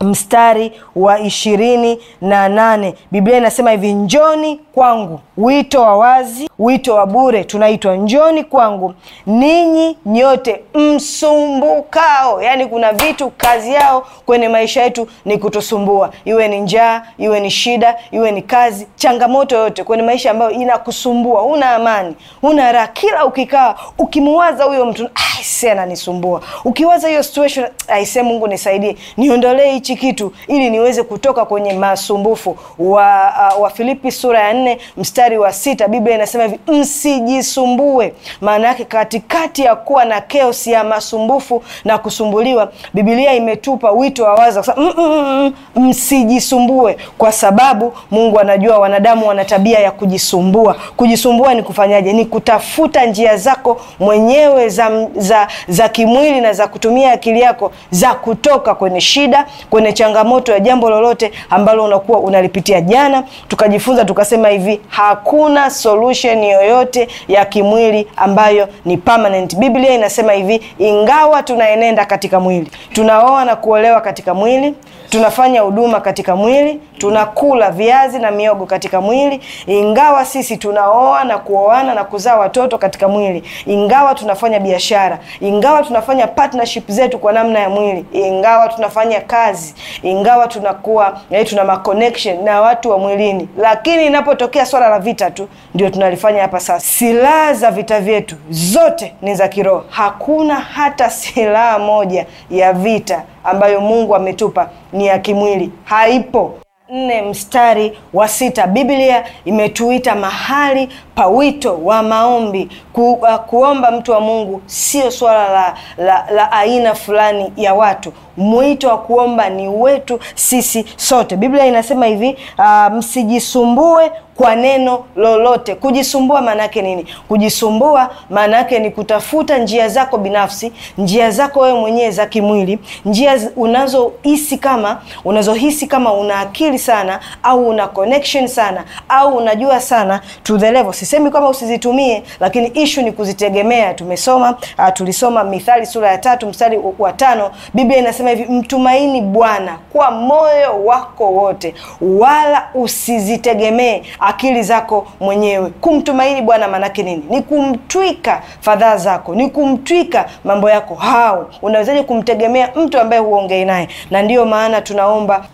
mstari wa ishirini na nane Biblia inasema hivi, njoni kwangu. Wito wa wazi, wito wa bure, tunaitwa njoni kwangu ninyi nyote msumbukao. Yaani kuna vitu kazi yao kwenye maisha yetu ni kutusumbua, iwe ni njaa, iwe ni shida, iwe ni kazi, changamoto yote kwenye maisha ambayo inakusumbua, una amani, una raha, kila ukikaa ukimuwaza huyo mtu, aise ah, ananisumbua, ukiwaza hiyo situation, aise ah, Mungu nisaidie, niondolee hichi hichi kitu ili niweze kutoka kwenye masumbufu wa, uh, wa Filipi sura ya nne mstari wa sita Biblia inasema hivi, msijisumbue. Maana yake katikati ya kuwa na chaos ya masumbufu na kusumbuliwa, Biblia imetupa wito wa waza mm mm, mm -mm, msijisumbue, kwa sababu Mungu anajua wanadamu wana tabia ya kujisumbua. Kujisumbua ni kufanyaje? Ni kutafuta njia zako mwenyewe za, za, za kimwili na za kutumia akili yako za kutoka kwenye shida kwenye kwenye changamoto ya jambo lolote ambalo unakuwa unalipitia. Jana tukajifunza tukasema hivi, hakuna solution yoyote ya kimwili ambayo ni permanent. Biblia inasema hivi, ingawa tunaenenda katika mwili, tunaoa na kuolewa katika mwili, tunafanya huduma katika mwili, tunakula viazi na miogo katika mwili, ingawa sisi tunaoa na kuoana na kuzaa watoto katika mwili, ingawa tunafanya biashara, ingawa tunafanya partnership zetu kwa namna ya mwili, ingawa tunafanya kazi kazi, ingawa tunakuwa na eh, tuna ma connection na watu wa mwilini, lakini inapotokea swala la vita tu ndio tunalifanya hapa sasa. Silaha za vita vyetu zote ni za kiroho. Hakuna hata silaha moja ya vita ambayo Mungu ametupa ni ya kimwili, haipo. Nne mstari wa sita Biblia imetuita mahali pa wito wa maombi. Ku, uh, kuomba mtu wa Mungu sio swala la, la, la aina fulani ya watu mwito wa kuomba ni wetu sisi sote. Biblia inasema hivi uh, msijisumbue kwa neno lolote. Kujisumbua yake nini? Kujisumbua yake ni kutafuta njia zako binafsi, njia zako wewe mwenyewe za kimwili, njia unazohisi kama unazohisi kama una akili sana au una connection sana au unajua sana to the level. Sisemi kwamba usizitumie, lakini issue ni kuzitegemea. Tumesoma uh, tulisoma Mithali sura ya tatu mstari wa tano Biblia inasema anasema hivi, mtumaini Bwana kwa moyo wako wote, wala usizitegemee akili zako mwenyewe. Kumtumaini Bwana maanake nini? Ni kumtwika fadhaa zako, ni kumtwika mambo yako. Hao unawezaje kumtegemea mtu ambaye huongei naye? Na ndiyo maana tunaomba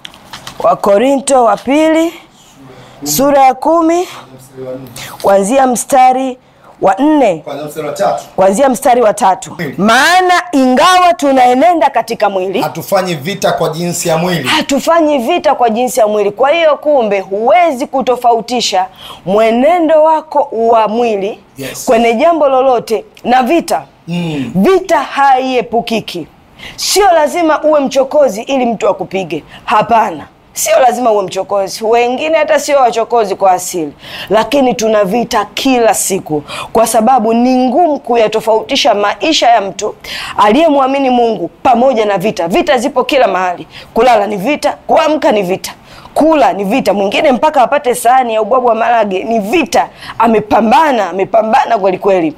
Wakorinto wa pili sura ya kumi kuanzia mstari wa nne kuanzia mstari wa tatu Maana ingawa tunaenenda katika mwili, hatufanyi vita kwa jinsi ya mwili, hatufanyi vita kwa jinsi ya mwili. Kwa hiyo kumbe, huwezi kutofautisha mwenendo wako wa mwili yes. kwenye jambo lolote na vita mm. Vita haiepukiki, sio lazima uwe mchokozi ili mtu akupige, hapana Sio lazima uwe mchokozi, wengine hata sio wachokozi kwa asili, lakini tuna vita kila siku, kwa sababu ni ngumu kuyatofautisha maisha ya mtu aliyemwamini Mungu pamoja na vita. Vita zipo kila mahali, kulala ni vita, kuamka ni vita kula ni vita, mwingine mpaka apate sahani ya ubwabu wa marage ni vita. Amepambana, amepambana kwelikweli.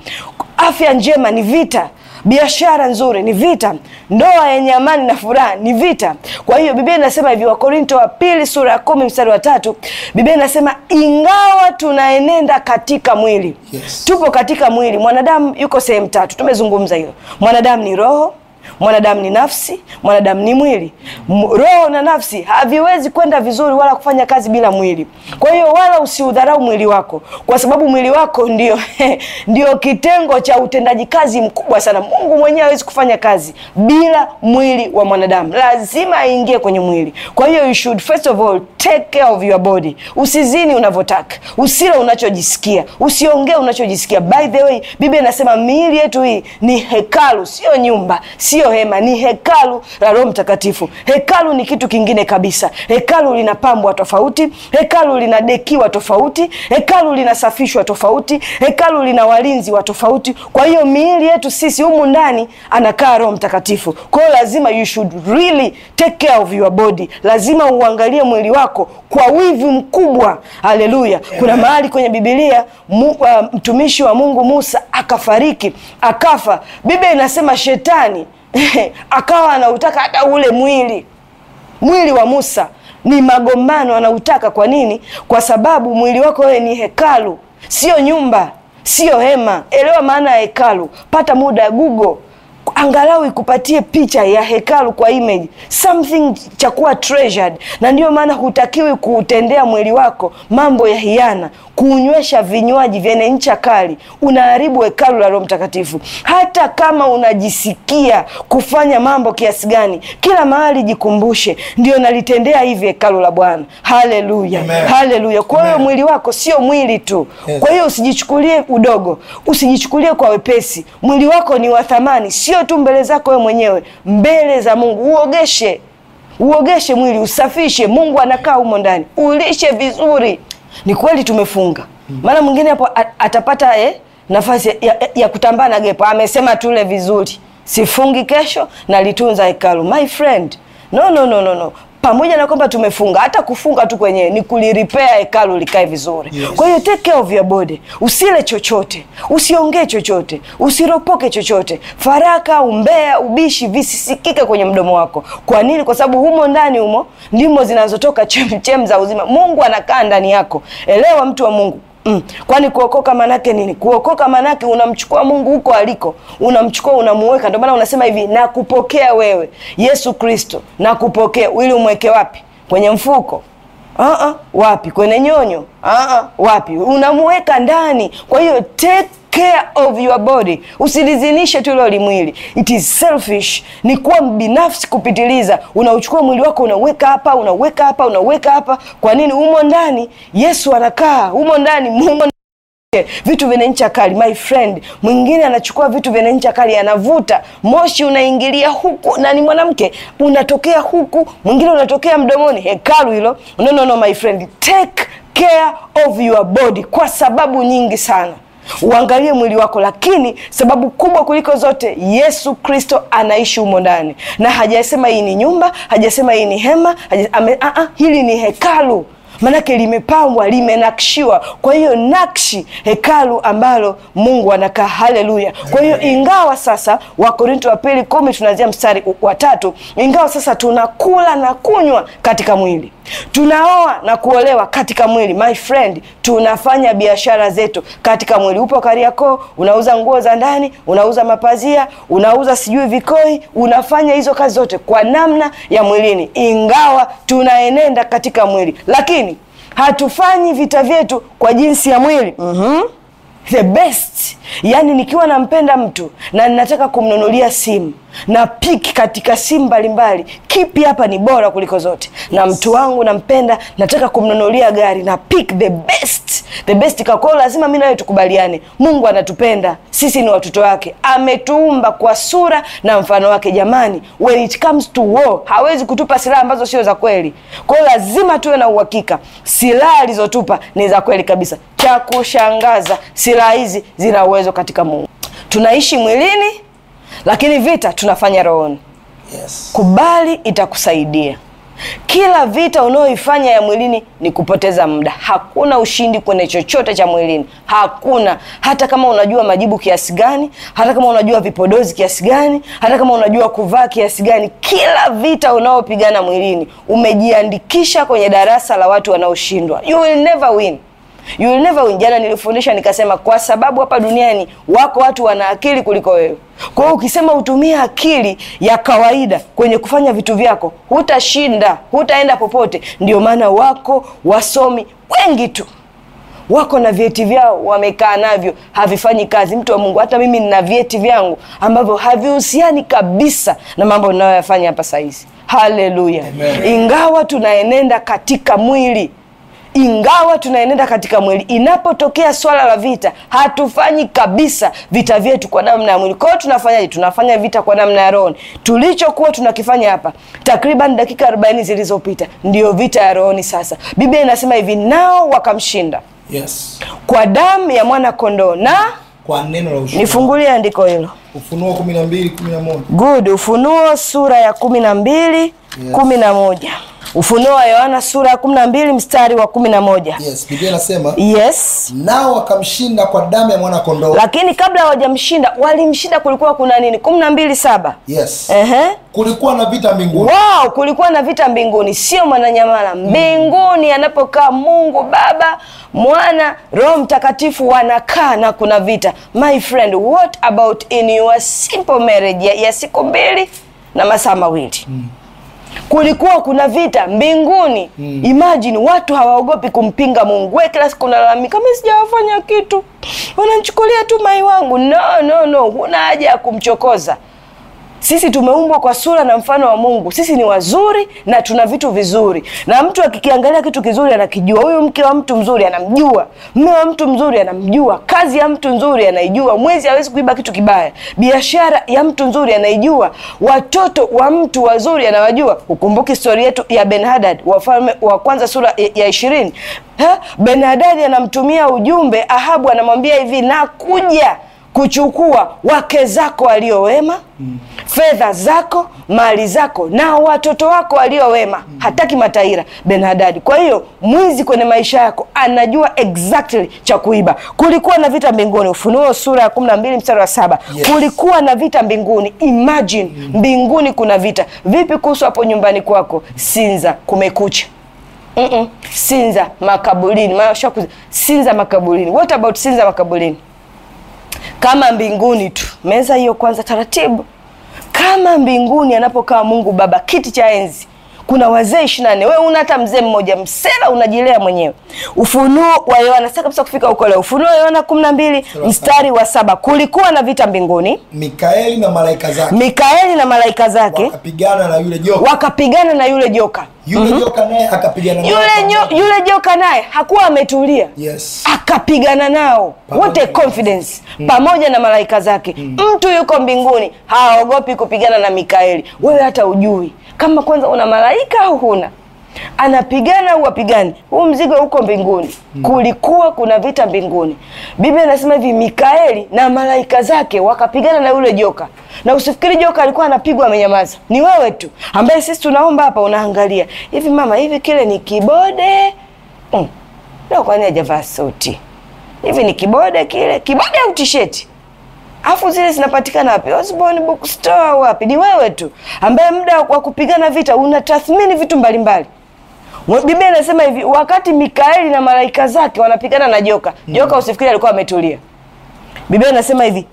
Afya njema ni vita. Biashara nzuri ni vita, ndoa yenye amani na furaha ni vita. Kwa hiyo Biblia inasema hivi, Wakorinto wa pili sura ya kumi mstari wa tatu Biblia inasema ingawa tunaenenda katika mwili yes. Tupo katika mwili. Mwanadamu yuko sehemu tatu, tumezungumza hilo. Mwanadamu ni roho Mwanadamu ni nafsi, mwanadamu ni mwili. Roho na nafsi haviwezi kwenda vizuri wala kufanya kazi bila mwili. Kwa hiyo wala usiudharau mwili wako, kwa sababu mwili wako ndio ndio kitengo cha utendaji kazi mkubwa sana. Mungu mwenyewe hawezi kufanya kazi bila mwili wa mwanadamu, lazima aingie kwenye mwili. Kwa hiyo you should first of all take care of your body. Usizini unavyotaka, usile unachojisikia, usiongee unachojisikia. By the way, Biblia inasema miili yetu hii ni hekalu, sio nyumba, si sio hema, ni hekalu la Roho Mtakatifu. Hekalu ni kitu kingine kabisa. Hekalu linapambwa tofauti, hekalu linadekiwa tofauti, hekalu linasafishwa tofauti, hekalu lina walinzi wa tofauti. Kwa hiyo miili yetu sisi humu ndani anakaa Roho Mtakatifu. Kwa hiyo lazima you should really take care of your body, lazima uangalie mwili wako kwa wivu mkubwa. Haleluya! Kuna mahali kwenye Bibilia mu, uh, mtumishi wa Mungu Musa akafariki, akafa. Biblia inasema shetani akawa anautaka hata ule mwili mwili wa Musa ni magombano anautaka. Kwa nini? Kwa sababu mwili wako wewe ni hekalu, sio nyumba, sio hema. Elewa maana ya hekalu, pata muda ya Google angalau ikupatie picha ya hekalu kwa image something cha kuwa treasured, na ndiyo maana hutakiwi kuutendea mwili wako mambo ya hiana kunywesha vinywaji vyenye ncha kali, unaharibu hekalu la Roho Mtakatifu. Hata kama unajisikia kufanya mambo kiasi gani, kila mahali jikumbushe, ndio nalitendea hivi hekalu la Bwana. Haleluya, haleluya. Kwa hiyo mwili wako sio mwili tu, yes. Kwa hiyo usijichukulie udogo, usijichukulie kwa wepesi. Mwili wako ni wa thamani, sio tu mbele zako wewe mwenyewe, mbele za Mungu. Uogeshe, uogeshe mwili, usafishe. Mungu anakaa humo ndani, ulishe vizuri ni kweli tumefunga mm. Maana mwingine hapo atapata eh, nafasi ya, ya kutambaa na gepo, amesema tule vizuri, sifungi kesho, nalitunza hekalu. My friend, no, no, no, no, no pamoja na kwamba tumefunga, hata kufunga tu kwenyewe ni kuliripea hekalu likae vizuri. Yes. Kwa hiyo take care of your body, usile chochote, usiongee chochote, usiropoke chochote. Faraka, umbea, ubishi visisikike kwenye mdomo wako. Kwa nini? Kwa sababu humo ndani humo ndimo zinazotoka chemchem za uzima. Mungu anakaa ndani yako. Elewa mtu wa Mungu, Mm. Kwani kuokoka manake nini? Kuokoka manake unamchukua Mungu huko aliko, unamchukua unamuweka. Ndio maana unasema hivi, nakupokea wewe Yesu Kristo, nakupokea. Ili umweke wapi? Kwenye mfuko? -uh. wapi? Kwenye nyonyo? -uh. wapi? Unamuweka ndani. Kwa hiyo take care of your body, usilizinishe tu ile mwili. It is selfish, ni kuwa mbinafsi kupitiliza. Unauchukua mwili wako unaweka hapa, unaweka hapa, unaweka hapa. Kwa nini? Umo ndani Yesu anakaa, umo ndani humo vitu vyenye ncha kali, my friend. Mwingine anachukua vitu vyenye ncha kali, anavuta moshi, unaingilia huku, na ni mwanamke, unatokea huku, mwingine unatokea mdomoni. Hekalu hilo. No, no, no, my friend, take care of your body, kwa sababu nyingi sana uangalie mwili wako, lakini sababu kubwa kuliko zote, Yesu Kristo anaishi humo ndani, na hajasema hii ni nyumba, hajasema hii ni hema, hajasema, a -a, hili ni hekalu manake limepambwa limenakshiwa. Kwa hiyo nakshi hekalu ambalo Mungu anakaa. Haleluya! Kwa hiyo ingawa sasa Wakorinto wa pili kumi tunaanzia mstari wa tatu, ingawa sasa tunakula na kunywa katika mwili Tunaoa na kuolewa katika mwili, my friend, tunafanya biashara zetu katika mwili. Upo Kariakoo, unauza nguo za ndani, unauza mapazia, unauza sijui vikoi, unafanya hizo kazi zote kwa namna ya mwilini, ingawa tunaenenda katika mwili, lakini hatufanyi vita vyetu kwa jinsi ya mwili. mm -hmm. The best Yaani nikiwa nampenda mtu na ninataka kumnunulia simu na piki katika simu mbalimbali, kipi hapa ni bora kuliko zote? Yes. Na mtu wangu nampenda, nataka kumnunulia gari na pick the best, the best kako, lazima mimi nawe tukubaliane. Mungu anatupenda sisi, ni watoto wake, ametuumba kwa sura na mfano wake. Jamani, when it comes to war, hawezi kutupa silaha ambazo sio za kweli. Kwa lazima tuwe na uhakika silaha alizotupa ni za kweli kabisa. Cha kushangaza, silaha hizi zina uwezo katika Mungu. Tunaishi mwilini, lakini vita tunafanya rohoni. Yes. Kubali itakusaidia. Kila vita unayoifanya ya mwilini ni kupoteza muda. Hakuna ushindi kwenye chochote cha mwilini, hakuna. Hata kama unajua majibu kiasi gani, hata kama unajua vipodozi kiasi gani, hata kama unajua kuvaa kiasi gani, kila vita unaopigana mwilini umejiandikisha kwenye darasa la watu wanaoshindwa. You will never win. You will never win. Jana nilifundisha nikasema, kwa sababu hapa duniani wako watu wana akili kuliko wewe. Kwa hiyo ukisema utumie akili ya kawaida kwenye kufanya vitu vyako, hutashinda, hutaenda popote. Ndio maana wako wasomi wengi tu wako na vyeti vyao wamekaa navyo havifanyi kazi. Mtu wa Mungu, hata mimi nina vyeti vyangu ambavyo havihusiani kabisa na mambo ninayoyafanya hapa saa hizi. Haleluya! Ingawa tunaenenda katika mwili ingawa tunaenenda katika mwili, inapotokea swala la vita hatufanyi kabisa vita vyetu kwa namna ya mwili. Kwa hiyo tunafanyaje? Tunafanya vita kwa namna ya rohoni. Tulichokuwa tunakifanya hapa takriban dakika 40 zilizopita ndio vita ya rohoni. Sasa Biblia inasema hivi, nao wakamshinda, yes, kwa damu ya mwana kondoo na kwa neno la ushuhuda. Nifungulie andiko hilo, Ufunuo 12:11. Good, Ufunuo sura ya 12:11. Yes. Ufunuo wa Yohana sura ya 12 mstari wa 11. Yes, Biblia inasema. Yes. Nao wakamshinda kwa damu ya mwana kondoo. Lakini kabla hawajamshinda, walimshinda kulikuwa kuna nini? 12:7. Yes. Ehe. Uh -huh. Kulikuwa na vita mbinguni. Wow, kulikuwa na vita mbinguni, sio mwananyamala. Hmm. Mbinguni anapokaa Mungu Baba, Mwana, Roho Mtakatifu wanakaa na kuna vita. My friend, what about in your simple marriage ya ya siku mbili na masaa mawili? Mm kulikuwa kuna vita mbinguni mm. Imagine watu hawaogopi kumpinga Mungu. Wewe kila siku unalalamika kama sijawafanya kitu, wanamchukulia tu mai wangu. No, no, no, huna haja ya kumchokoza. Sisi tumeumbwa kwa sura na mfano wa Mungu. Sisi ni wazuri na tuna vitu vizuri, na mtu akikiangalia kitu kizuri anakijua. Huyu mke wa mtu mzuri anamjua, mume wa mtu mzuri anamjua, kazi ya mtu nzuri anaijua, mwezi hawezi kuiba kitu kibaya, biashara ya mtu nzuri anaijua, watoto wa mtu wazuri anawajua. ukumbuki historia yetu ya Benhadad, Wafalme wa Kwanza sura ya ishirini. Benhadadi anamtumia ujumbe Ahabu, anamwambia hivi, nakuja kuchukua wake zako waliowema mm. fedha zako mali zako na watoto wako waliowema mm. hataki mataira Benhadadi. Kwa hiyo mwizi kwenye maisha yako anajua exactly cha kuiba. Kulikuwa na vita mbinguni, Ufunuo sura ya 12 mstari wa saba. Yes. Kulikuwa na vita mbinguni, imagine mm. mbinguni kuna vita. Vipi kuhusu hapo nyumbani kwako? Sinza kumekucha Mm -mm. Sinza makaburini, maana sinza makaburini. What about sinza makaburini? kama mbinguni tu, meza hiyo kwanza taratibu. Kama mbinguni anapokaa Mungu Baba, kiti cha enzi kuna wazee ishirini na nne wewe una hata mzee mmoja msela, unajilea mwenyewe. Ufunuo wa Yohana sasa kabisa kufika huko leo, Ufunuo wa Yohana kumi na mbili mstari wa saba kulikuwa na vita mbinguni, Mikaeli na malaika zake, Mikaeli na malaika zake wakapigana na yule joka, wakapigana na yule joka yule mm -hmm. joka naye akapigana nao. Yule nyo, yule joka naye hakuwa ametulia. Yes. Akapigana nao. Wote confidence mm. pamoja na malaika zake. Mm. Mtu yuko mbinguni haogopi kupigana na Mikaeli. Mm. Wewe hata ujui kama kwanza una malaika au huna anapigana au apigani, huu mzigo uko mbinguni. Hmm. Kulikuwa kuna vita mbinguni. Biblia inasema hivi, Mikaeli na malaika zake wakapigana na yule joka, na usifikiri joka alikuwa anapigwa amenyamaza. Ni wewe tu ambaye sisi tunaomba hapa, unaangalia hivi, mama, hivi kile ni kibode mm. Leo kwani hajavaa suti hivi? Ni kibode kile, kibode au tisheti Afu zile zinapatikana wapi? Osborne Bookstore wapi? Ni wewe tu ambaye muda wa kupigana vita unatathmini vitu mbalimbali mbali. Biblia inasema hivi, wakati Mikaeli na malaika zake wanapigana na joka, mm. joka Usifikiri alikuwa ametulia. Biblia inasema hivi,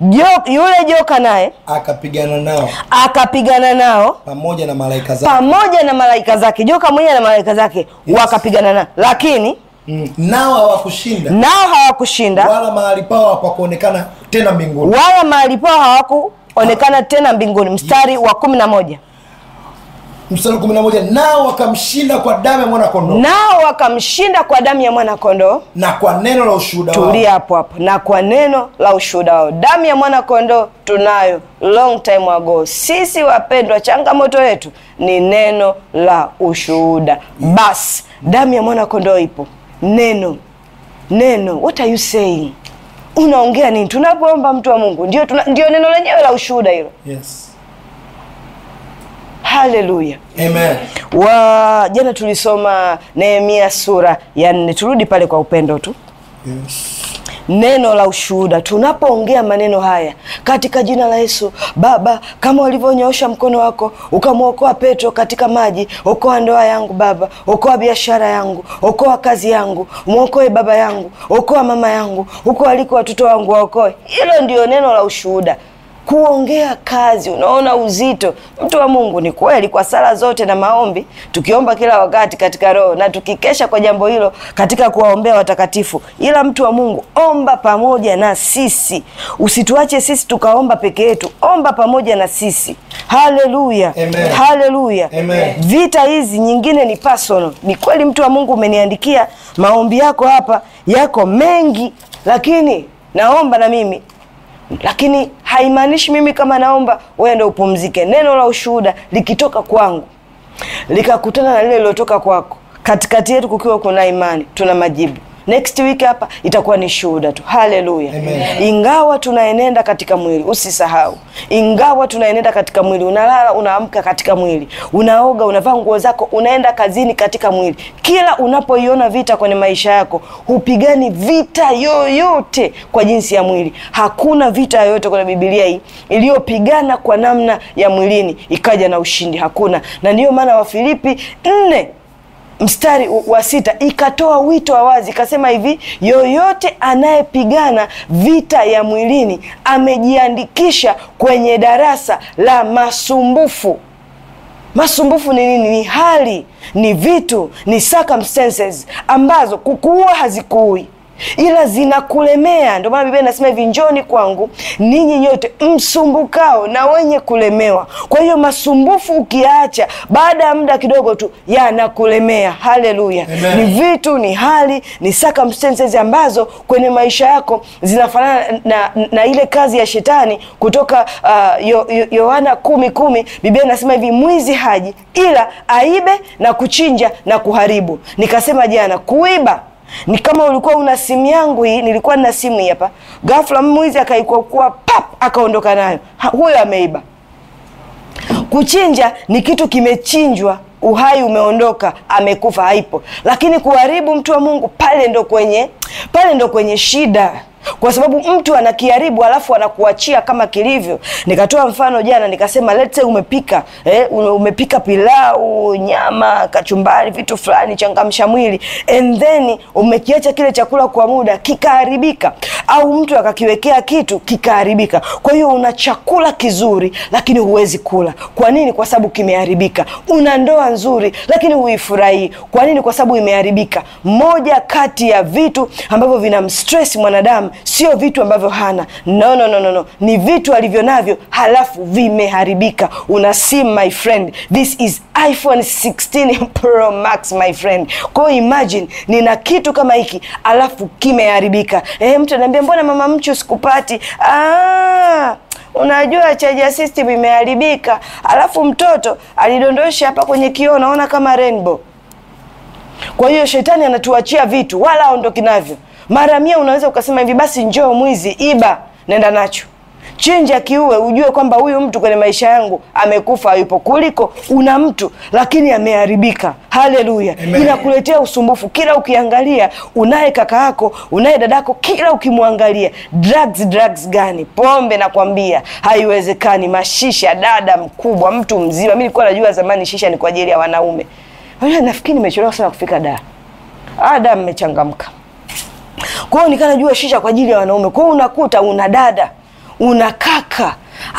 yule joka naye akapigana nao, akapigana nao pamoja na malaika zake, pamoja na malaika zake, joka mwenyewe na malaika zake yes. Wakapigana nao lakini Mm. Nao hawakushinda, nao hawakushinda, wala mahali pao tena mbinguni, wala mahali pao hawakuonekana tena mbinguni. Mstari yes. wa kumi na moja mstari 11, nao wakamshinda kwa damu ya mwana kondoo, nao wakamshinda kwa damu ya mwana kondoo na kwa neno la ushuhuda wao. Tulia hapo hapo, na kwa neno la ushuhuda wao. Damu ya mwana kondoo tunayo long time ago. Sisi wapendwa, changamoto yetu ni neno la ushuhuda. Basi damu ya mwana kondoo ipo, neno neno. What are you saying? Unaongea nini? Tunapoomba mtu wa Mungu, ndio ndio neno lenyewe la ushuhuda hilo, yes. Haleluya, amen. Wa jana tulisoma Nehemia sura ya nne, turudi pale kwa upendo tu yes. Neno la ushuhuda. Tunapoongea maneno haya katika jina la Yesu, Baba, kama ulivyonyoosha mkono wako ukamwokoa Petro katika maji, okoa ndoa yangu Baba, okoa biashara yangu, okoa kazi yangu, mwokoe baba yangu, okoa mama yangu, huko aliko watoto wangu waokoe. Hilo ndio neno la ushuhuda kuongea kazi, unaona uzito. Mtu wa Mungu, ni kweli kwa sala zote na maombi, tukiomba kila wakati katika Roho na tukikesha kwa jambo hilo katika kuwaombea watakatifu. Ila mtu wa Mungu, omba pamoja na sisi, usituache sisi tukaomba peke yetu, omba pamoja na sisi. Haleluya, haleluya. Vita hizi nyingine ni personal. Ni kweli, mtu wa Mungu, umeniandikia maombi yako hapa, yako mengi, lakini naomba na mimi lakini haimaanishi mimi kama naomba wewe ndio upumzike. Neno la ushuhuda likitoka kwangu likakutana na lile lilotoka kwako, katikati yetu kukiwa kuna imani, tuna majibu next week hapa itakuwa ni shuhuda tu. Haleluya! Ingawa tunaenenda katika mwili, usisahau, ingawa tunaenenda katika mwili, unalala, unaamka katika mwili, unaoga, unavaa nguo zako, unaenda kazini katika mwili. Kila unapoiona vita kwenye maisha yako, hupigani vita yoyote kwa jinsi ya mwili. Hakuna vita yoyote kwenye Biblia hii iliyopigana kwa namna ya mwilini ikaja na ushindi, hakuna. Na ndiyo maana Wafilipi nne mstari wa sita ikatoa wito wa wazi ikasema hivi, yoyote anayepigana vita ya mwilini amejiandikisha kwenye darasa la masumbufu. Masumbufu ni nini? Ni hali, ni vitu, ni circumstances ambazo kukuua hazikuui ila zinakulemea. Ndio maana Biblia inasema hivi, njoni kwangu ninyi nyote msumbukao na wenye kulemewa. Kwa hiyo masumbufu ukiacha, baada ya muda kidogo tu yanakulemea. Haleluya! Ni vitu, ni hali, ni circumstances ambazo kwenye maisha yako zinafanana na, na, na ile kazi ya shetani kutoka uh, Yo, Yo, Yohana kumi kumi. Biblia inasema hivi, mwizi haji ila aibe na kuchinja na kuharibu. Nikasema jana kuiba ni kama ulikuwa una simu yangu hii, nilikuwa na simu hii hapa. Ghafla mwizi akaikuakua pap, akaondoka nayo. Huyo ameiba. Kuchinja ni kitu kimechinjwa, uhai umeondoka, amekufa, haipo. Lakini kuharibu mtu wa Mungu, pale ndo kwenye pale ndo kwenye shida kwa sababu mtu anakiharibu alafu anakuachia kama kilivyo. Nikatoa mfano jana, nikasema let's say umepika eh, umepika pilau, nyama, kachumbari, vitu fulani changamsha mwili, and then umekiacha kile chakula kwa muda kikaharibika, au mtu akakiwekea kitu kikaharibika. Kwa hiyo una chakula kizuri lakini huwezi kula. Kwa nini? Kwa sababu kimeharibika. Una ndoa nzuri lakini huifurahii. Kwa nini? Kwa sababu imeharibika. Moja kati ya vitu ambavyo vinamstress mwanadamu sio vitu ambavyo hana no, no, no, no, no. Ni vitu alivyo navyo halafu vimeharibika. Una simu my friend, this is iPhone 16 Pro Max my friend. ko imagine nina kitu kama hiki alafu kimeharibika. Eh, mtu anaambia mbona mama mchu sikupati? Ah, unajua charger system imeharibika, alafu mtoto alidondosha hapa kwenye kio naona kama rainbow. Kwa hiyo shetani anatuachia vitu wala aondoki navyo. Mara mia unaweza ukasema hivi, basi njoo mwizi, iba, nenda nacho chinja kiue, ujue kwamba huyu mtu kwenye maisha yangu amekufa, yupo kuliko una mtu lakini ameharibika. Haleluya! inakuletea usumbufu kila ukiangalia. Unaye kaka yako, unaye dadako, kila ukimwangalia drugs, drugs gani? Pombe nakwambia haiwezekani. Mashisha, dada mkubwa, mtu mzima. mi nilikuwa najua zamani shisha ni kwa ajili ya wanaume. Nafikiri nimechelewa sana kufika da ada, mmechangamka kwa hiyo nikanajua shisha kwa ajili ya wanaume. Kwa hiyo unakuta una dada, una kaka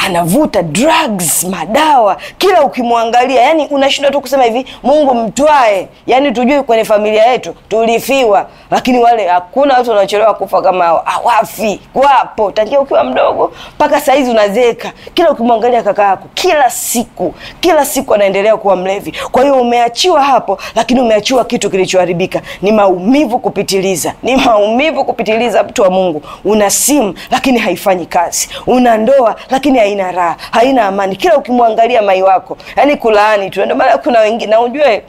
anavuta drugs, madawa, kila ukimwangalia, yani unashindwa tu kusema hivi, Mungu mtwae. Yani tujue kwenye familia yetu tulifiwa, lakini wale hakuna watu wanachelewa kufa kama hao, awafi wapo tangia ukiwa mdogo mpaka hizi unazeeka. Kila ukimwangalia kaka yako, kila siku, kila siku anaendelea kuwa mlevi. Kwa hiyo umeachiwa hapo, lakini umeachiwa kitu kilichoharibika. Ni maumivu kupitiliza, ni maumivu kupitiliza. Mtu wa Mungu, una simu lakini haifanyi kazi, una ndoa lakini lakini haina raha, haina amani, kila ukimwangalia mai wako yani kulaani tu. Ndio maana kuna wengine na ujue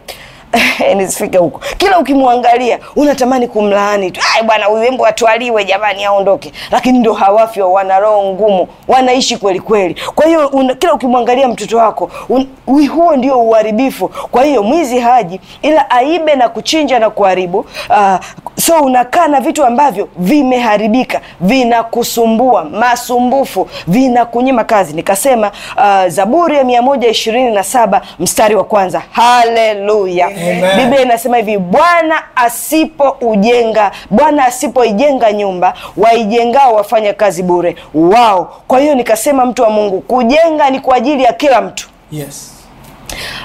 nisifike huko. Kila ukimwangalia unatamani kumlaani tu, ai bwana, huyu embo atwaliwe jamani, aondoke. Lakini ndio hawafi, wana roho ngumu, wanaishi kweli kweli. Kwa hiyo kila ukimwangalia mtoto wako un, huo ndio uharibifu. Kwa hiyo mwizi haji ila aibe na kuchinja na kuharibu. Uh, so unakaa na vitu ambavyo vimeharibika, vinakusumbua, masumbufu, vinakunyima kazi. Nikasema uh, Zaburi ya mia moja ishirini na saba mstari wa kwanza. Haleluya! Biblia inasema hivi, Bwana asipoujenga, Bwana asipoijenga nyumba, waijengao wafanya kazi bure wao. Kwa hiyo nikasema, mtu wa Mungu, kujenga ni kwa ajili ya kila mtu. Yes.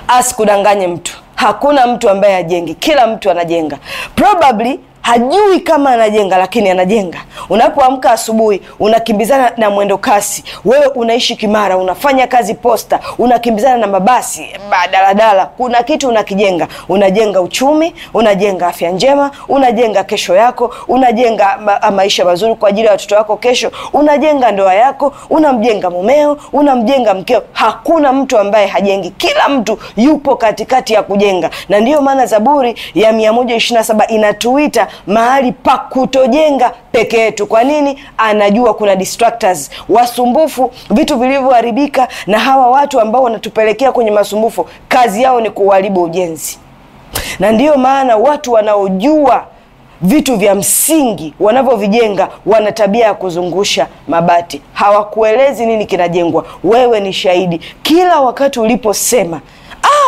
Asikudanganye mtu, hakuna mtu ambaye ajengi, kila mtu anajenga probably hajui kama anajenga lakini anajenga. Unapoamka asubuhi, unakimbizana na mwendo kasi, wewe unaishi Kimara, unafanya kazi posta, unakimbizana na mabasi, daladala, kuna kitu unakijenga. Unajenga uchumi, unajenga afya njema, unajenga kesho yako, unajenga ma maisha mazuri kwa ajili ya watoto wako kesho, unajenga ndoa yako, unamjenga mumeo, unamjenga mkeo. Hakuna mtu ambaye hajengi, kila mtu yupo katikati ya kujenga, na ndiyo maana Zaburi ya 127 inatuita mahali pa kutojenga peke yetu. Kwa nini? Anajua kuna distractors, wasumbufu, vitu vilivyoharibika. Na hawa watu ambao wanatupelekea kwenye masumbufu, kazi yao ni kuharibu ujenzi, na ndiyo maana watu wanaojua vitu vya msingi wanavyovijenga wana tabia ya kuzungusha mabati. Hawakuelezi nini kinajengwa, wewe ni shahidi. Kila wakati uliposema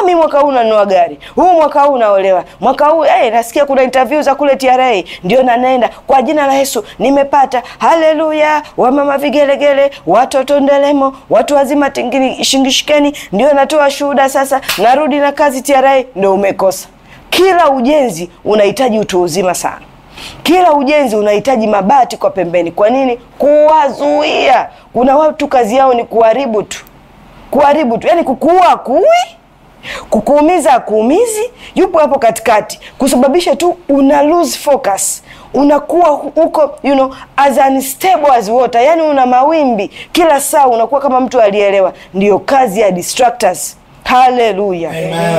mi mwaka huu nanunua gari, huu mwaka huu naolewa, mwaka huu hey, eh, nasikia kuna interview za kule TRA, ndio nanaenda kwa jina la Yesu nimepata. Haleluya! Wamama vigelegele, watoto ndelemo, watu wazima tingini, shingishikeni, ndio natoa shuhuda sasa. Narudi na kazi TRA, ndo umekosa. Kila ujenzi unahitaji utu uzima sana kila ujenzi unahitaji mabati kwa pembeni. Kwa nini? Kuwazuia. Kuna watu kazi yao ni kuharibu tu, kuharibu tu, yaani kukuua kui kukuumiza akuumizi, yupo hapo katikati kusababisha tu una lose focus, unakuwa huko you know, as unstable as water, yani una mawimbi kila saa, unakuwa kama mtu alielewa. Ndiyo kazi ya distractors. Haleluya!